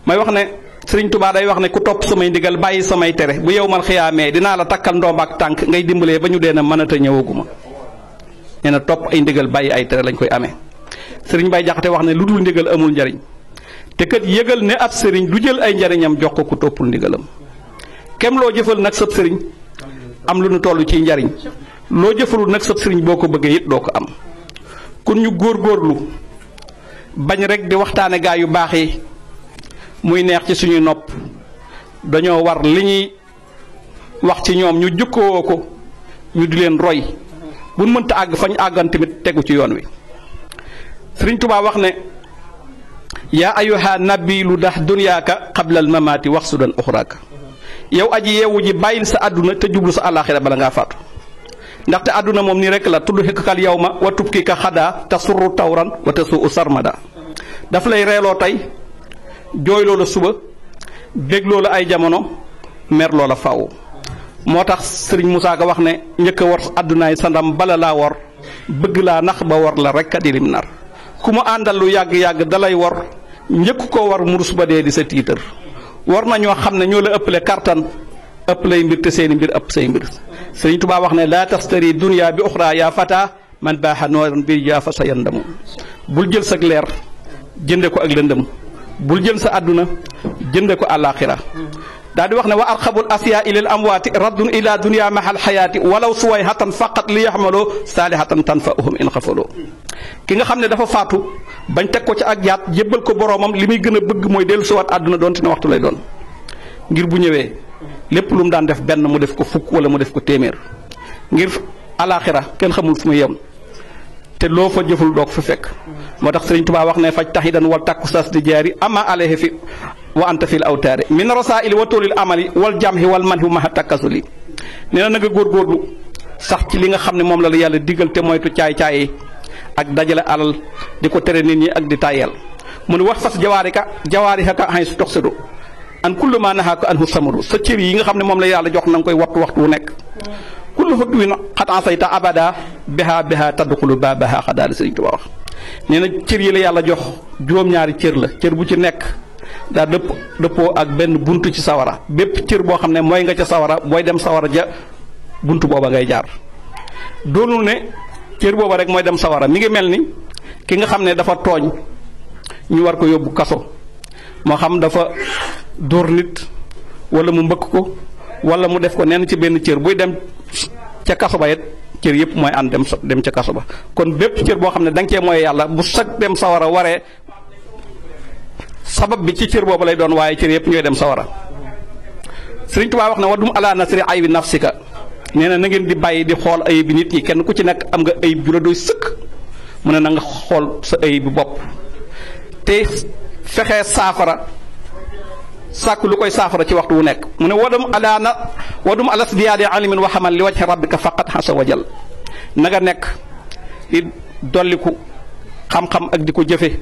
may wax ne sëriñ tubaa day wax ne ku topp samay ndigal bàyyi samay tere bu yow mal xiyaamee dinaa la takkal ndoom ak tànk ngay dimbalee ba ñu dee na mënata ñëwaguma nee na topp ay ndigal bàyyi ay tere lañ koy amee sëriñ Baye Jaxate wax ne lu dul ndigal amul njariñ te kat yëgal ne ab sëriñ du jël ay njariñam jox ko ku toppul ndigalam kem loo jëfal nag sab sëriñ am lu nu tollu ci njariñ loo jëfalul nag sab sëriñ boo ko bëggee it doo ko am kon ñu góorgóorlu bañ rek di waxtaane gaa yu baax muy neex ci suñu nopp dañoo war li ñuy wax ci ñoom ñu jukkoo ko ñu di leen roy bu ñu mënta àgg fañ àggan tamit tegu ci yoon wi Sëriñ Tuubaa wax ne yaa ayyuha nabi lu dax dunyaaka xablal mamaati wax su doon uxraaka yow aji yeewu ji bàyyil sa àdduna te jublu sa àllaaxira bala ngaa faatu ndaxte àdduna moom nii rek la tudd xëkkakal yow ma wa tubki ka xadaa te surru tawran wa te suu sarmada daf lay reeloo tey jooy loola suba bég loola ay jamono mer loola faw moo tax sëriñ Moussa Ka wax ne njëkk a war àddunaay sa ndam bala laa war bëgg laa nax ba war la rekk a di nar ku mu àndal lu yàgg-yàgg dalay war njëkk koo war mu suba dee di sa tiitar war na ñoo xam ne ñoo la ëppale kartan ëpp lay mbir te seeni mbir ëpp say mbir sëriñ Tuubaa wax ne laa tax sëri dunya bi uxra yaa fataa man baaxa nooran bi yaa sa yandamu bul jël sag leer jënde ko ak lëndëm bul jën sa àdduna jënde ko àllaaxira daa di wax ne wa arxabul asiya ilal amwaati raddun ila dunia mahal xayaati walaw suway xatan faqat li yaxmaloo saalihatan tanfa'uhum in xafaloo ki nga xam ne dafa faatu bañ teg ko ci ak jaat jébbal ko boroomam li muy gën a bëgg mooy dellu siwaat àdduna doon doonte ne waxtu lay doon ngir bu ñëwee lépp lu mu daan def benn mu def ko fukk wala mu def ko téeméer ngir alaaxira kenn xamul fu mu yem te loo fa jëful doog fa fekk moo tax sëriñ Tuubaa wax ne faj tax yi dan wal takku sas di jaari ama alayhi fi wa anta fil awtaari min rasaa'il wa tuulil amali wal jamhi wal manhi maha takkasuli nee na nga góorgóorlu sax ci li xam ne moom la la yàlla digal te moytu caay caay ak dajale alal di ko tere nit ñi ak di tayel mu ne wax fas jawaarika jawaariha ka ay su tox sadu an kullu ma nahaaka anhu sa yi nga xam ne moom la yàlla jox na koy wattu waxtu wu nekk kullu hudwin xat asayta abada biha biha tadxulu baabaha xadaali sëriñ Tuubaa wax nee na cër yi la yàlla jox juróom-ñaari cër la cër bu ci nekk daa dëpp dëppoo ak benn buntu ci sawara bépp cër boo xam ne mooy nga ca sawara mooy dem sawara ja buntu booba ngay jaar doonul ne cër booba rek mooy dem sawara mi ngi mel ni ki nga xam ne dafa tooñ ñu war ko yóbbu kaso moo xam dafa dóor nit wala mu mbëkk ko wala mu def ko neen ci benn cër buy dem ca kaso ba it cër yëpp mooy ànd dem dem ca kaso ba kon bépp cër boo xam ne da nga cee mooy yàlla bu sag dem sawara waree sabab bi ci cër boobu lay doon waaye cër yëpp ñooy dem sawara Sëriñ Tuubaa wax na wa dum ala nasri aybi nafsika nee na na ngeen di bàyyi di xool ay bi nit ñi kenn ku ci nekk am nga ay ju la doy sëkk mu ne nanga xool sa ayib bi bopp te fexe saafara sàkk lu koy saafara ci waxtu wu nekk mu ne wadum alaana wadum alas diyaade alimin waxaman li ka rabbika faqat xasa wajal na nga nekk di dolliku xam-xam ak di ko jëfe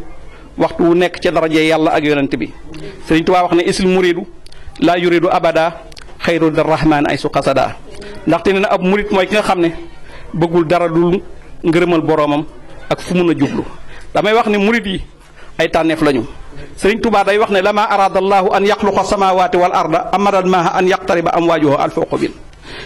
waxtu wu nekk ca daraje yàlla ak yonant bi sëriñ Tuubaa wax ne isil muridu laa yuridu abada xayru darrahman ay su xasada ndaxte nee na ab murit mooy ki nga xam ne bëggul dara dul ngërëmal boroomam ak fu mun a jublu damay wax ne murit yi ay tànneef lañu sëriñ Tuubaa day wax ne lama araada allahu an yaxluqa samawati wal arda amaral maaha an yaqtariba amwaajuhu alfa xuqubin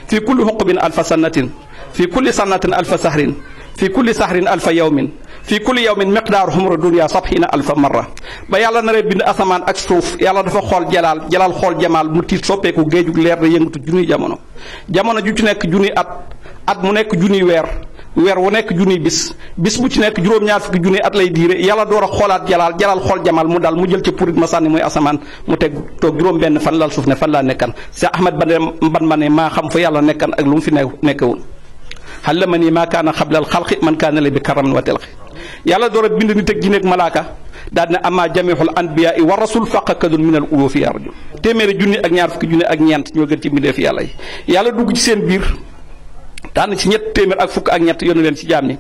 fi kulli xuqubin alfa sannatin fi kulli sannatin alfa sahrin fi kulli sahrin alfa yawmin fi kulli yawmin miqdaaru xumra dunya sabxiina alfa marra ba yàlla naree bind asamaan ak suuf yàlla dafa xool jalaal jalaal xool jamaal mu tiit soppeeku géejug leer da yëngatu junni jamono jamono ju ci nekk junni at at mu nekk junniy weer weer wu nekk junniy bis bis bu ci nekk juróom-ñaar fukki junni at lay diire yàlla door a xoolaat jalaal jalaal xool jamal mu daal mu jël ci purit ma sànni muy asamaan mu teg toog juróom-benn fan laa suuf ne fan laa nekkan Seex Ahmad Bamba ma ne maa xam fa yàlla nekkan ak lu mu fi ne nekkewul xalla ma nii maa kaana xablal xalqi man kaana la bi karamin wa telqi yàlla door a bind nit teg jinne ak malaaka daal ne amaa jamihul anbiyaa wa rasul faqakadul minal uluu fi arju téeméeri junni ak ñaar fukki junni ak ñeent ñoo gën ci mbindeef yàlla yi yàlla dugg ci seen biir tànn ci ñett téeméer ak fukk ak ñett yónni leen ci jaam ñi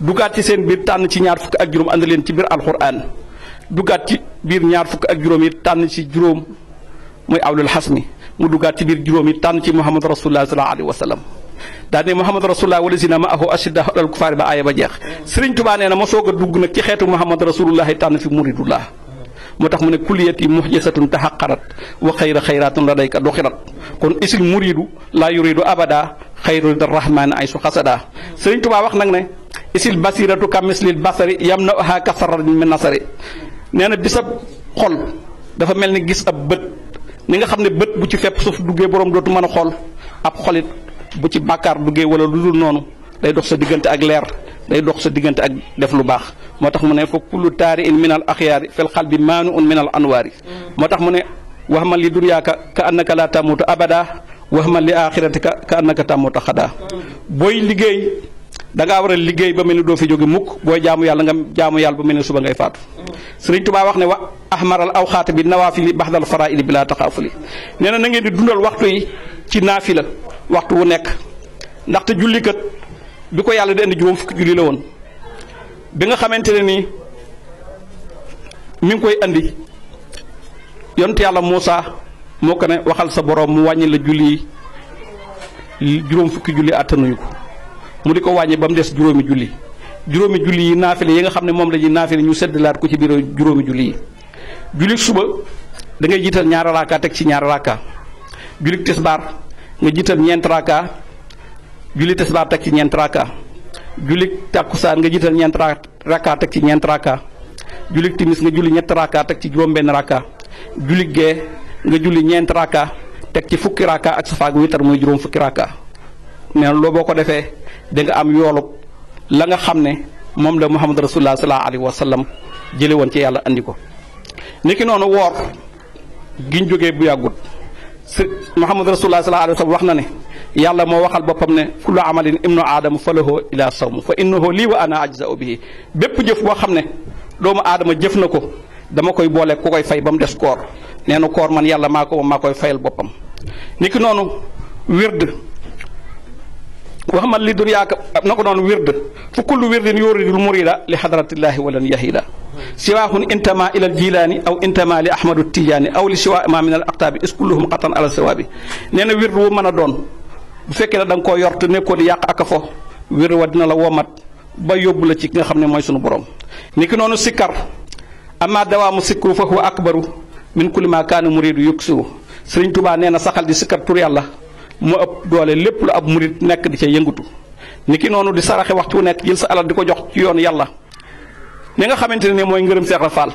dugaat ci seen biir tànn ci ñaar fukk ak juróom ànd leen ci biir alxuraan dugaat ci biir ñaar fukk ak juróom yi tànn ci juróom muy awlul xasmi mu duggaat ci biir juróom yi tànn ci muhammad rasulullah sallallahu alayhi wa sallam daal ne muhammad rasulullah wala sina ma ahu ashidda alal kufaar ba aaya ba jeex sëriñ tubaa nee na ma soog a dugg nag ci xeetu muhammad rasulullah yi tànn fi muridullah moo tax mu ne kuliyati muxjasatun taxaqarat wa xayra xayratun ladayka doxirat kon isil muridu laa yuridu abada xayrul rahmaan ay su xasadaa sëriñ Tuubaa wax nag ne isil basiratu ka mislil basari yam na oha kasaral min nasari nee na bisab xol dafa mel ni gis ab bët ni nga xam ne bët bu ci fepp suuf duggee boroom dootu mën a xool ab xolit bu ci bàkkaar duggee wala lu dul noonu day dox sa diggante ak leer day dox sa diggante ak def lu baax moo tax mu ne fa lu taari in min al axyaari fel xal bi maanu un min al anwaari mm. moo tax mu ne wax ma li dunyaaka ka annaka laa tamutu wax ma li aaxiratika ka annaka tàmmut a xadaa booy liggéey da war a liggéey ba mel ni doo fi jóge mukk booy jaamu yàlla nga jaamu yàlla ba mel ni suba ngay faatu sëriñ Tuubaa wax ne wa ahmaral awxaata bi nawaafili baxdal faraa'ili bi laa taxaafuli nee na na ngeen di dundal waxtu yi ci la waxtu wu nekk ndaxte jullikat bi ko yàlla di indi juróom fukki julli la woon bi nga xamante ne nii ngi koy indi yonent yàlla Muusaa moo ko ne waxal sa boroom mu wàññi la julli juróom fukki julli àttanuñu ko mu di ko wàññee ba mu des juróomi julli juróomi julli yi naafile yi nga xam ne moom la ñuy naafile ñu seddalaat ko ci biir juróomi julli yi julli suba da ngay jiital ñaara raaka teg ci ñaara raaka julli tisbaar nga jiital ñeent raaka julli tisbaar teg ci ñeent raaka julli tàkkusaan nga jiital ñeent raaka teg ñeent raaka julli timis nga julli ñett raaka teg ci juróom benn raaka julli gee nga julli ñeenti rakka teg ci fukki rakka ak safaak witar muy juróom fukki rakka nee loo boo ko defee da am yoolub la nga xam ne moom la Muhammad rasulullah sallallahu alayhi wa sallam jële woon ci yàlla andi ko niki noonu woor giñ jógee bu yàggut si Muhammad rasulullah sallallahu alayhi wa sallam wax na ne yàlla moo waxal boppam ne kullu amalin ibnu aadama falahu ila sawm fa innahu lii wa ana ajzau bihi bépp jëf boo xam ne doomu aadama jëf na ko dama koy boole ko koy fay ba mu des koor nee na koor man yàlla maa ko ma maa koy fayal boppam niki noonu wird wax man li duniyaaka na ko doon wird fu kullu wirdin yuridul murida li xadratillaahi walan yahida siwaahun intama ila al jilaani aw intama li ahmadu tijaani aw li siwaa ma min al aqtaabi is kulluhum qatan ala sawaabi nee na wird wu mën a doon bu fekkee ne danga ko yort yor te nekkoo di yàq ak a fo wird wa dina la womat ba yóbbu la ci ki nga xam ne mooy sunu borom niki noonu sikkar amma dawaamu sikru fa huwa akbaru min kulli ma kaanu muridu yuksu sëriñ tubaa nee na saxal di sikkat tur yàlla moo ëpp doole lépp lu ab murid nekk di ca yëngatu ni ki noonu di saraxe waxtu wu nekk jël sa alal di ko jox ci yoonu yàlla ni nga xamante ne mooy ngërëm Seex Rafal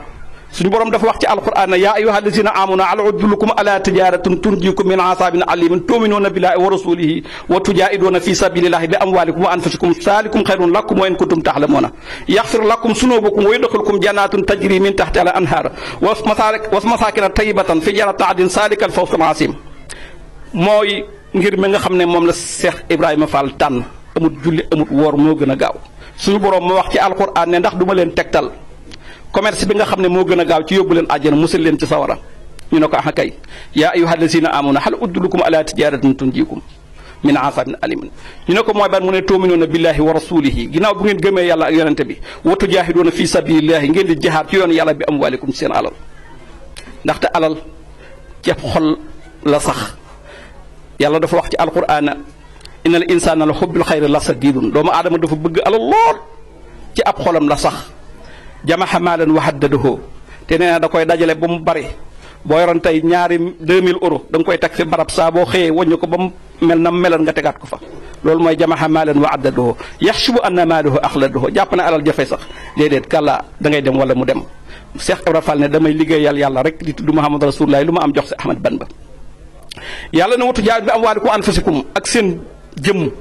suñu borom dafa wax ci alquran ne yaa ayyuha alladina amanu al udulukum ala tijaratin tunjikum min asabin alimin tuminuuna billahi wa rasulihi wa tujahiduna fi sabilillahi bi amwalikum wa anfusikum salikum xayrun lakum wa in kuntum taxlamuna yaxfir lakum sunubukum wa yudxilkum jannatin tajri min taxti al anhar wa masakina fi jannati adin salika al mooy ngir mi nga xam ne moom la Cheikh Ibrahima Fall tànn amut julli amut woor moo gën a gaaw suñu borom moo wax ci alquran ndax duma leen tegtal commerce bi nga xam ne moo gën a gaaw ci yóbbu leen àjjana musal leen ci sawara ñu ne ko ah kay yaa ayyuha allazina amanu hal uddulukum ala tijaratin tunjikum min asabin alimin ñu ne ko mooy ban mu ne tuuminuuna billahi wa rasulihi ginnaaw bu ngeen gëmee yàlla ak yonente bi wa tujaahiduuna fi sabilillahi ngeen di jahaar ci yoon yàlla bi amwaalikum seen alal ndaxte alal ci xol la sax yàlla dafa wax ci alquraan innal insaana la xubbil xayri la sadidun doomu aadama dafa bëgg alal lool ci ab xolam la sax jamaxa maalan wa haddadahu te nee na da koy dajale ba mu bari boo yoroon tey ñaari 2000 euros da nga koy teg si barab saa boo xëyee wàññi ko ba mu mel na meloon nga tegaat ko fa loolu mooy jamaxa maalan wa addadahu yaxshubu la maalahu axladahu jàpp na alal jafe sax déedéet kàlla da ngay dem wala mu dem Cheikh Ibra fal ne damay liggéeyal yàlla rek di tudd Muhammad Rasulullah lu ma am jox si Ahmad Bamba yàlla na watu jaar bi am waali ko anfusikum ak seen jëmm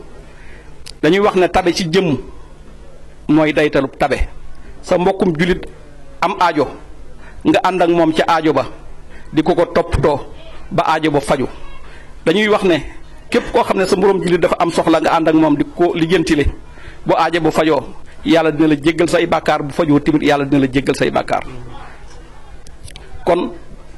wax ne tabe ci jëmm mooy daytalub tabe sa mbokkum julit am aajo nga ànd ak moom ca aajo ba di ko ko toppatoo ba ajo ba faju dañuy wax ne képp koo xam ne sa moroom julit dafa am soxla nga ànd ak moom di ko lijjantile bu aajo ba fajoo yàlla dina la jéggal say bàkkaar bu fajoo tamit yàlla dina la jéggal say bàkkaar kon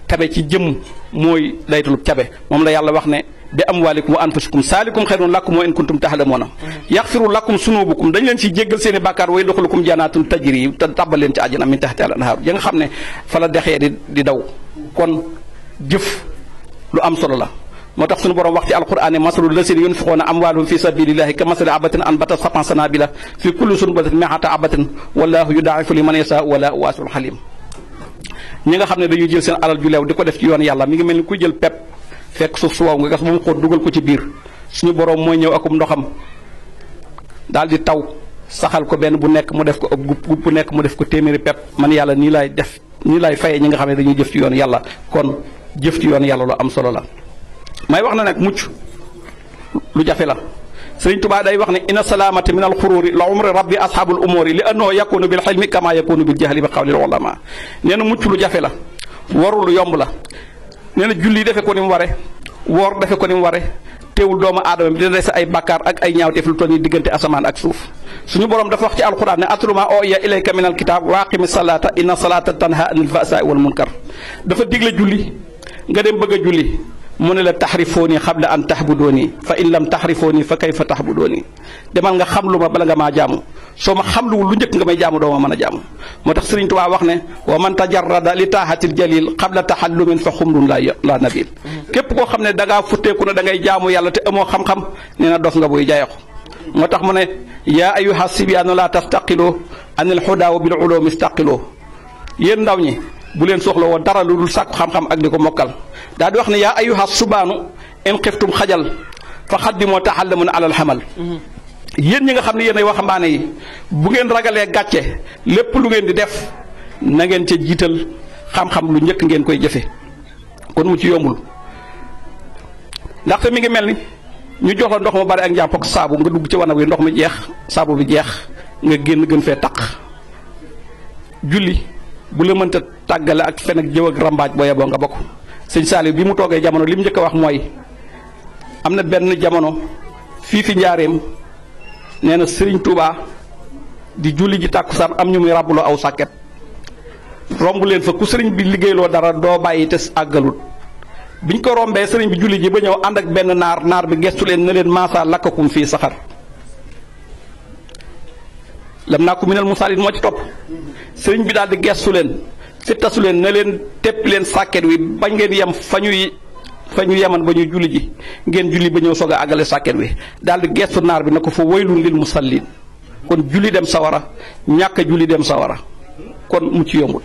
tabe ci jëm mooy daytulub cabe moom la yàlla wax ne bi amwaalikum wa anfusikum saalikum xayrun lakum wa in kuntum taxlamoona yaxfiru lakum sunubukum dañ leen ci jéggal seen i bàkkaar way doxalukum janaatun tajri te tàbbal leen ci àjjana min taxti di daw kon jëf lu am la moo tax suñu borom wax ci alquran ne masalu lasina yunfiqoona amwaalahum fi sabilillahi ka masali abatin xam ne dañuy jël seen alal ju leew di ko def ci yoon yàlla mi ngi mel ni ku jël pepp fekk suuf su waaw nga gas ba mu xóot dugal ko ci biir suñu boroom mooy ñëw akum ndoxam daal di taw saxal ko benn bu nekk mu def ko ab gub gub bu nekk mu def ko téeméeri pepp man yàlla nii laay def nii lay fayee ñi nga xam ne dañuy jëf ci yoon yàlla kon jëf ci yoon yàlla lu am solo la may wax na nag mucc lu jafe la sëriñ tubaa day wax ne ina salaamati min al xuruuri la umri rabbi ashaabul umuri li annahu yakunu bil xilmi kama yakunu bil jahli bi xawlil ulama nee na mucc lu jafe la warul yomb la nee na julli defe ko ni mu ware woor defe ko ni mu ware teewul doomu aadama bi dina dese ay bakkaar ak ay ñaawteef lu toll ni diggante asamaan ak suuf suñu borom dafa wax ci alquran ne atluma ooya ilayka min alkitaab waaqimi salaata inna salaata tanha anil fasa wal munkar dafa digle julli nga dem bëgg a julli mu ne la taxrifooni xabla an taxbudooni fa in lam taxrifooni fa tax kayfa taxbudooni demal nga xam lu ma bala nga maa jaamu soo ma xamluwul lu njëkk nga may jaamu doo ma mën a jaamu moo tax Sëriñ Tuubaa wax ne wa man tajarrada li taahatil jalil qabla tahallumin fa xumlun la la nabil képp koo xam ne da ngaa futteeku ne da ngay jaamu yàlla te amoo xam-xam nee na dof nga buy jayaxu moo tax mu ne yaa ayyuha sibyaanu laa tastaqiloo anil hudaa wa bil ulumi istaqiloo yéen ndaw ñi bu leen soxla woon dara lu dul sàkku xam-xam ak di ko mokkal daa di wax ne yaa ayyuha subaanu in xiftum xajal fa xaddimoo taxallamun alal xamal yéen ñi nga xam ne yéen ay waxambaane yi bu ngeen ragalee gàcce lépp lu ngeen di def na ngeen ca jiital xam-xam lu njëkk ngeen koy jëfe kon mu ci yombul ndaxte mi ngi mel ni ñu jox la ndox mu bari ak njàpp ak saabu nga dugg ci wanag wi ndox mu jeex saabu bi jeex nga génn gën fee taq julli bu la mënta tàggale ak fen ak jëw ak rambaaj boo yeboo nga bokk sëñ Saliou bi mu toogee jamono li mu njëkk a wax mooy am na benn jamono fii fi njaareem nee na sëriñ Touba di julli ji tàkkusaan am ñu muy ràbbuloo aw sàkket romb leen fa ku sëriñ bi liggéeyloo dara doo bàyyi tes àggalut biñ ko rombee sëriñ bi julli ji ba ñëw ànd ak benn naar naar bi gestu leen na leen maasaa lakkakum fii saxar lam naa ko minal musaalit moo ci topp sëriñ bi daal di gestu leen si tasu leen na leen tepp leen sàkket wi bañ ngeen yem fa ñuy fa ñu yeman ba ñu julli ji ngeen julli ba ñëw soog a àggale sàkket wi daal gestu naar bi na ko fa waylun lil musallin kon julli dem sawara ñàkk julli dem sawara kon mu ci yombul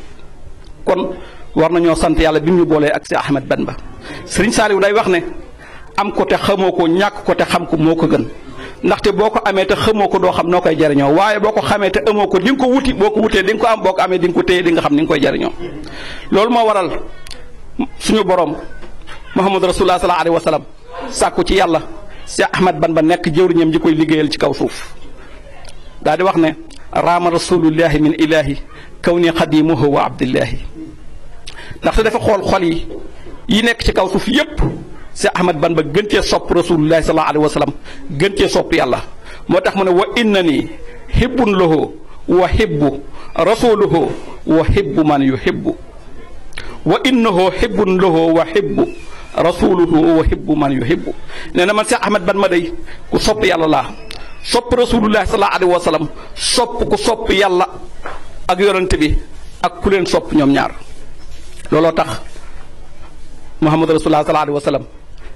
kon war nañoo sant yàlla bi ñu boolee ak si Ahmed Bamba Sëriñ Saaliw day wax ne am ko te xamoo ko ñàkk ko te xam ko moo ko gën ndaxte boo ko amee te xamoo ko doo xam noo koy jariñoo waaye boo ko xamee te amoo ko di ko wuti boo ko wutee di nga ko am boo ko amee di ko téye di xam ni koy jariñoo loolu moo waral suñu Muhammad Rasulullah sallallahu alayhi wa sallam sàkku ci yàlla Cheikh Ahmad ba nekk jëwriñam ji koy liggéeyal ci kaw suuf daal di wax ne raama rasulullahi min ilahi kaw ni xadimuhu wa abdillahi ndaxte dafa xool xol yi yi nekk ci kaw suuf yépp Cheikh Ahmad Bamba gën cee sopp rasulullahi sallallahu alayhi wa sallam gën cee sopp yàlla moo tax mu ne wa inna nii hibbun lahu wa hibbu rasuluhu wa hibbu man yuhibbu wa innahu hibbun lahu wa hibbu rasuluhu uhibbu man yuhibbu nee na man Cheikh Ahmed Bamba day ku sopp yàlla laa sopp rasulullahi sallallahu alayhi wa sallam sopp ku sopp yàlla ak yorante bi ak ku leen sopp ñoom ñaar looloo tax Muhammad rasulullah sallallahu alayhi wa sallam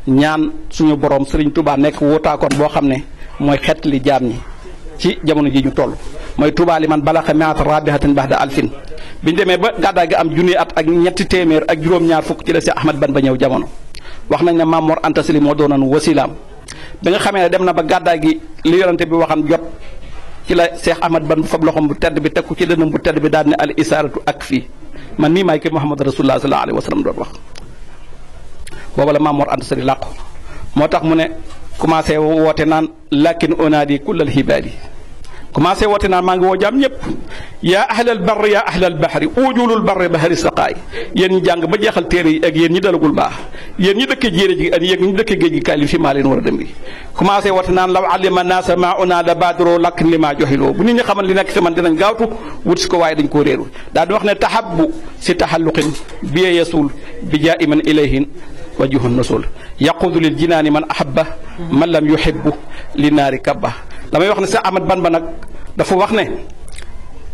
ñaan suñu borom Serigne Touba nekk wootaakoon boo xam ne mooy xet li jaam ñi ci jamono ji ñu toll mooy Touba li man balaxa mi'ata rabihatin ba'da alfin biñ demee ba gàddaay ga am junni at ak ñetti téeméer ak juróom-ñaar fukk ci la si Ahmad Bamba ñëw jamono. wax nañ ne Maam Mor Anta Sali moo doonoon wasilaam ba nga xamee ne dem na ba gàddaay gi li yonante bi waxan jot ci la Cheikh Ahmad Ban bu fab loxom bu tedd bi teg ko ci dënam bu tedd bi daal ne al isaaratu ak fii man nii maay ki Muhammad rasulullah sallallahu alayhi wa sallam doon wax booba la Maam Mor Anta Sali làqu moo tax mu ne commencé woote naan lakin onaadi kullal hibaadi commencé woote naan maa ngi woo jaam ñëpp yaa ahlal barri yaa ahlal bahri uujulul barri bahri saqaay yéen ñi jàng ba jeexal téere yi ak yéen ñi dalagul baax yéen ñi dëkkee jéere ji ak yéen ñi dëkkee géej gi kaay li fi maa leen war a dem bi commencé woote naan law alima naasa maa unaa la baadroo lakk li maa joxiloo bu nit ñi xamal li nekk si man dinañ gaawtu wut si ko waaye dañ koo réeru daal di wax ne tahabbu si taxalluqin bi yeesul bi jaa iman ilayhin wajuhun nasul yaqudu lil jinaani man ahabba li naari kabba damay wax ne Seex Ahmad Bamba nag dafa wax ne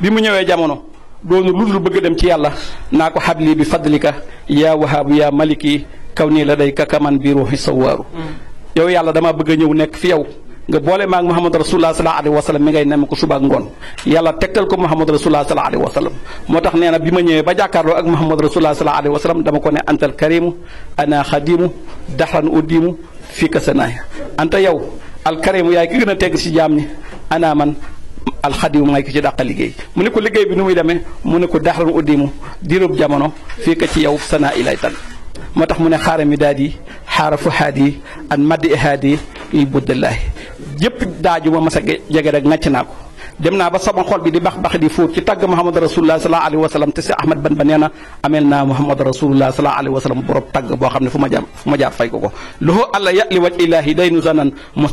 bi mu ñëwee jamono doonu lu dul bëgg dem ci yàlla naa ko xabli bi fadlika yaa wahaabu yaa maliki kaw nii la day kakaman bi ruuxi sawaaru mm. yow yàlla dama bëgg a ñëw nekk fi yow nga boole maa maag Muhammad rasulullah sallallahu alayhi wa sallam mi ngay nem ko suba ak ngoon yàlla tegtal ko Muhammad rasulullah sallallahu alayhi wa sallam moo tax nee na bi ma ñëwee ba jàkkaarloo ak Muhammad rasulullah sallallahu alayhi wa sallam dama ko ne antal karimu ana xadimu daxran udimu fii ka sa naaya anta yow alkarimu yaay ki gën a tegg ci jaam ñi ana man alxadimu maay ki ci dàq liggéey mu ne ko liggéey bi nu muy demee mu ne ko daxran uddimu diirub jamono fii ko ci yow sanaa ilay tan moo tax mu ne xaaral mi daal di xaaral fu xaad yi an maddi ihaad yi yuy buddalaahi yëpp daaju ma mas a jege rek ngàcc naa ko dem naa ba sama xol bi di bax bax di fóot ci tàgg Muhammad rasulullah sallallahu alayhi wa sallam te si Ahmad Bamba nee na amel naa Muhammad rasulullah sallallahu alayhi wa boo xam ne fu ma jaar fu ma jaar fay ko ko loxoo àlla ya li waj ilaahi day nu zanan ma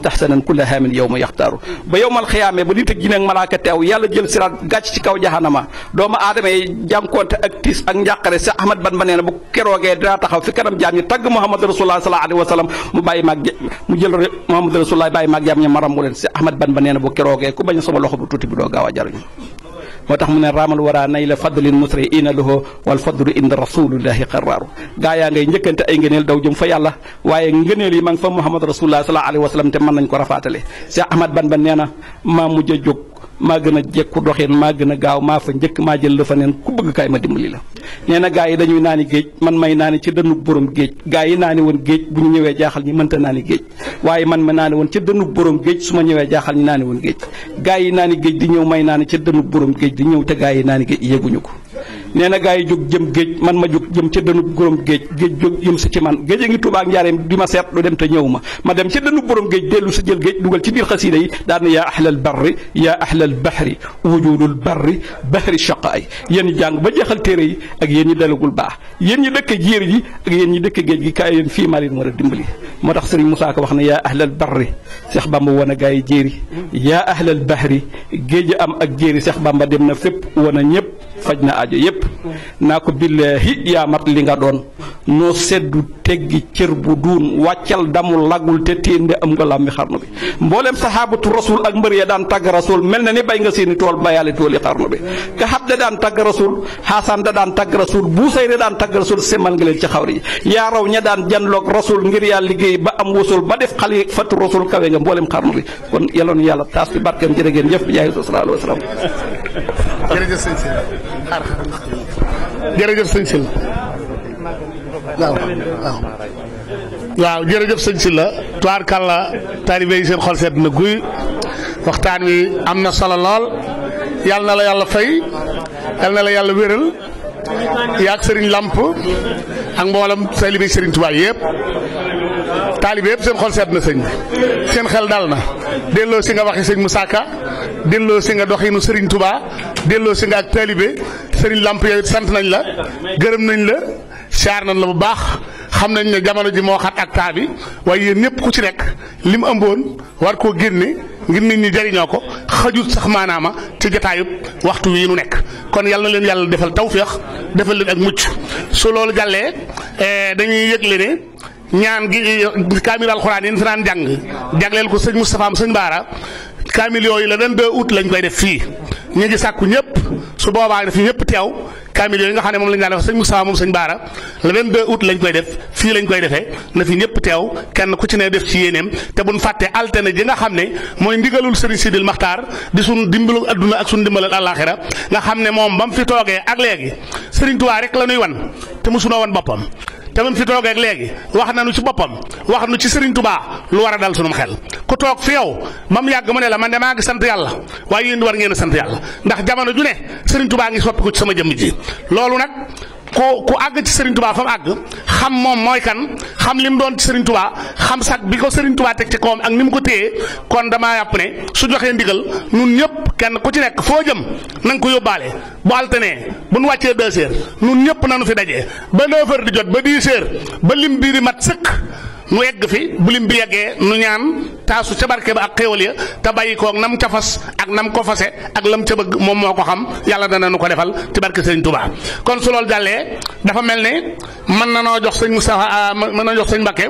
yaxtaaru ba yow mal xiyaame ba nit ak jinne ak malaaka teew yàlla jël siraat gàcc ci kaw jahanama doomu aadama yi jànkoonte ak tiis ak njàqare si Ahmad Bamba nee na bu keroogee dinaa taxaw fi kanam jaam ñi tàgg Muhammad rasulullah sallallahu alayhi wa sallam mu bàyyi maag mu jël Muhammad rasulullah bàyyi maag jaam ñi maram mu leen si Ahmad Bamba nee na tuuti bi doo gaaw a jariñu moo tax mu ne raamal wara nay la fadlin musri ina loxo wal fadlu inda rasulillahi qaraaru gaa yaa ngay njëkkante ay ngëneel daw jëm fa yàlla waaye ngëneel yi ma fa muhammad rasulullah sallallahu alayhi wa sallam te nee na maa mujj a jóg maa gën a jekku doxeen maa gën a gaaw maa fa njëkk maa jël la fa neen ku bëgg kaay ma dimbali la nee na gaa yi dañuy naani géej man may naani ci dënnu borom géej gaa yi naani woon géej bu ñu ñëwee jaaxal ñi mënta naani géej waaye man ma naani woon ca dënnu borom géej su ma ñëwee jaaxal ñi naani woon géej gaa yi naani géej di ñëw may naani ca dënnu borom géej di ñëw te gaa yi naani géej yéeguñu ko nee na gaa yi jóg jëm géej man ma jóg jëm ca dënub borom géej géej jóg jëm si ci man géej a ngi Tuubaa ak njaareem di ma seet du dem te ñëw ma ma dem ca dënub borom géej dellu sa jël géej dugal ci biir xasiida yi daan na yaa ahlal barri yaa ahlal bahri wujudul barri bahri shaqa ay yéen ñi jàng ba jeexal téere yi ak yéen yi dalagul baax yen ñi dëkk jéer ji ak yéen ñi dëkk géej gi kaay yéen fii maa leen war a dimbali moo tax sëriñ Moussa ko wax ne yaa ahlal barri Seex Bamba woon a gaa yi jéeri yaa ahlal bahri géej am ak jéeri Seex Bamba dem na fépp faj na aajo yépp naa ko billaahi yaa mat li nga doon noo seddu teggi cër bu duun wàccal damul lagul te téende am nga làmmi xarnu bi mboolem saxaabatu rasul ak mbër ya daan tagg rasul mel na ni bay nga seeni tool bayaale tooli xarnu bi ka xab da daan tagg rasul xaasaan da daan tagg rasul buusay da daan tagg rasul semal nga leen ci xawri yi yaa raw ña daan janloog rasul ngir yaa liggéey ba am wusul ba def xali fatu rasul kawe nga mboolem xarnu bi kon yaloon yàlla taas bi barkeem jërë ngeen jëf bi jaay sallallahu alayhi wa sallam jërëjëf xaar jërëjëf sëñ Sylla waaw waaw waaw jërëjëf sëñ Sylla tubaarkàlla taalibe yi seen xol sedd na guy waxtaan wi am na solo lool yal na la yàlla fay yal na la yàlla wéral yaag sëriñ làmp ak mboolam taalibe sëriñ Tuubaa yépp taalibe yëpp seen xol sedd na sëñ seen xel daal na delloo si nga waxi sëñ mu Ka delloo si nga doxinu Serigne Touba delloo si nga ak taalibe Serigne làmp yow sant nañ la gërëm nañ la siyaar nañ la bu baax xam nañ ne jamono ji moo xat ak taa bi waaye yéen ñëpp ku ci nekk li mu ëmboon war koo génne ngir nit ñi jariñoo ko xajut sax maanaama ci jataayub waxtu wi nu nekk kon yal na leen yàlla defal tawféex defal leen ak mucc su loolu jàllee eh, dañuy yëgle ñaan gi kaamil alxuraan yi ñu fi naan jàng jagleel ko sëñ Moustapha am sëñ Baara kaamil yooyu la leen deux août lañ koy def fii ñu ngi sàkku ñëpp su boobaa def ñëpp teew kaamil yooyu nga xam ne moom lañ daan def sëñ Moustapha moom sëñ Baara le 22 août lañ koy def fii lañ koy defee na fi ñëpp teew kenn ku ci ne def ci yéeneem te buñ fàtte altine ji nga xam ne mooy ndigalul sëriñ Sidil Maxtaar di suñ dimbalu adduna ak suñ dimbalal àllaaxira nga xam ne moom ba mu fi toogee ak léegi sëriñ Tuubaa rek la ñuy wan te mosunoo wan boppam te mu fi toogeeg léegi wax na nu ci boppam wax nu ci Serigne Touba lu war a dal ma xel ku toog fi yow ba mu yàgg mu ne la man de maa ngi sant yàlla waaye yéen war ngeen a sant yàlla ndax jamono ju ne Serigne Touba ngi soppi ko ci sama jëmm ji loolu nag ku ku àgg ci Serigne Touba fa mu àgg xam moom mooy kan xam li mu doon ci Serigne Touba xam sax bi ko Serigne Touba teg ci kawam ak ni mu ko téye kon dama yàpp ne su joxee ndigal nun ñëpp kenn ku ci nekk foo jëm na nga ko yóbbaale bu altanee bu nu wàccee deux heures nun ñëpp nanu fi dajee ba neuf di jot ba dix heures ba lim bii i mat sëkk. nu egg fi bu lim bi yeggee nu ñaan taasu ca barke ba ak xéewal ya te bàyyi koog nam ca fas ak nam ko fase ak lam ca bëgg moom moo ko xam yàlla dana nu ko defal ci barke sëñ Touba. kon su loolu jàllee dafa mel ne mën na noo jox sëñ Moustapha ah, mën na jox sëñ Mbakke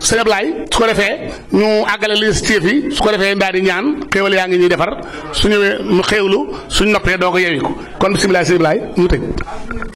sëñ Ablaye su ko defee ñu àggale listéef yi su ko defee daal ñaan xéewal ngi ñuy defar su ñëwee mu xéewlu suñ noppee doo ko yewi ko kon bisimilah sëñ Ablaye ñu tëj.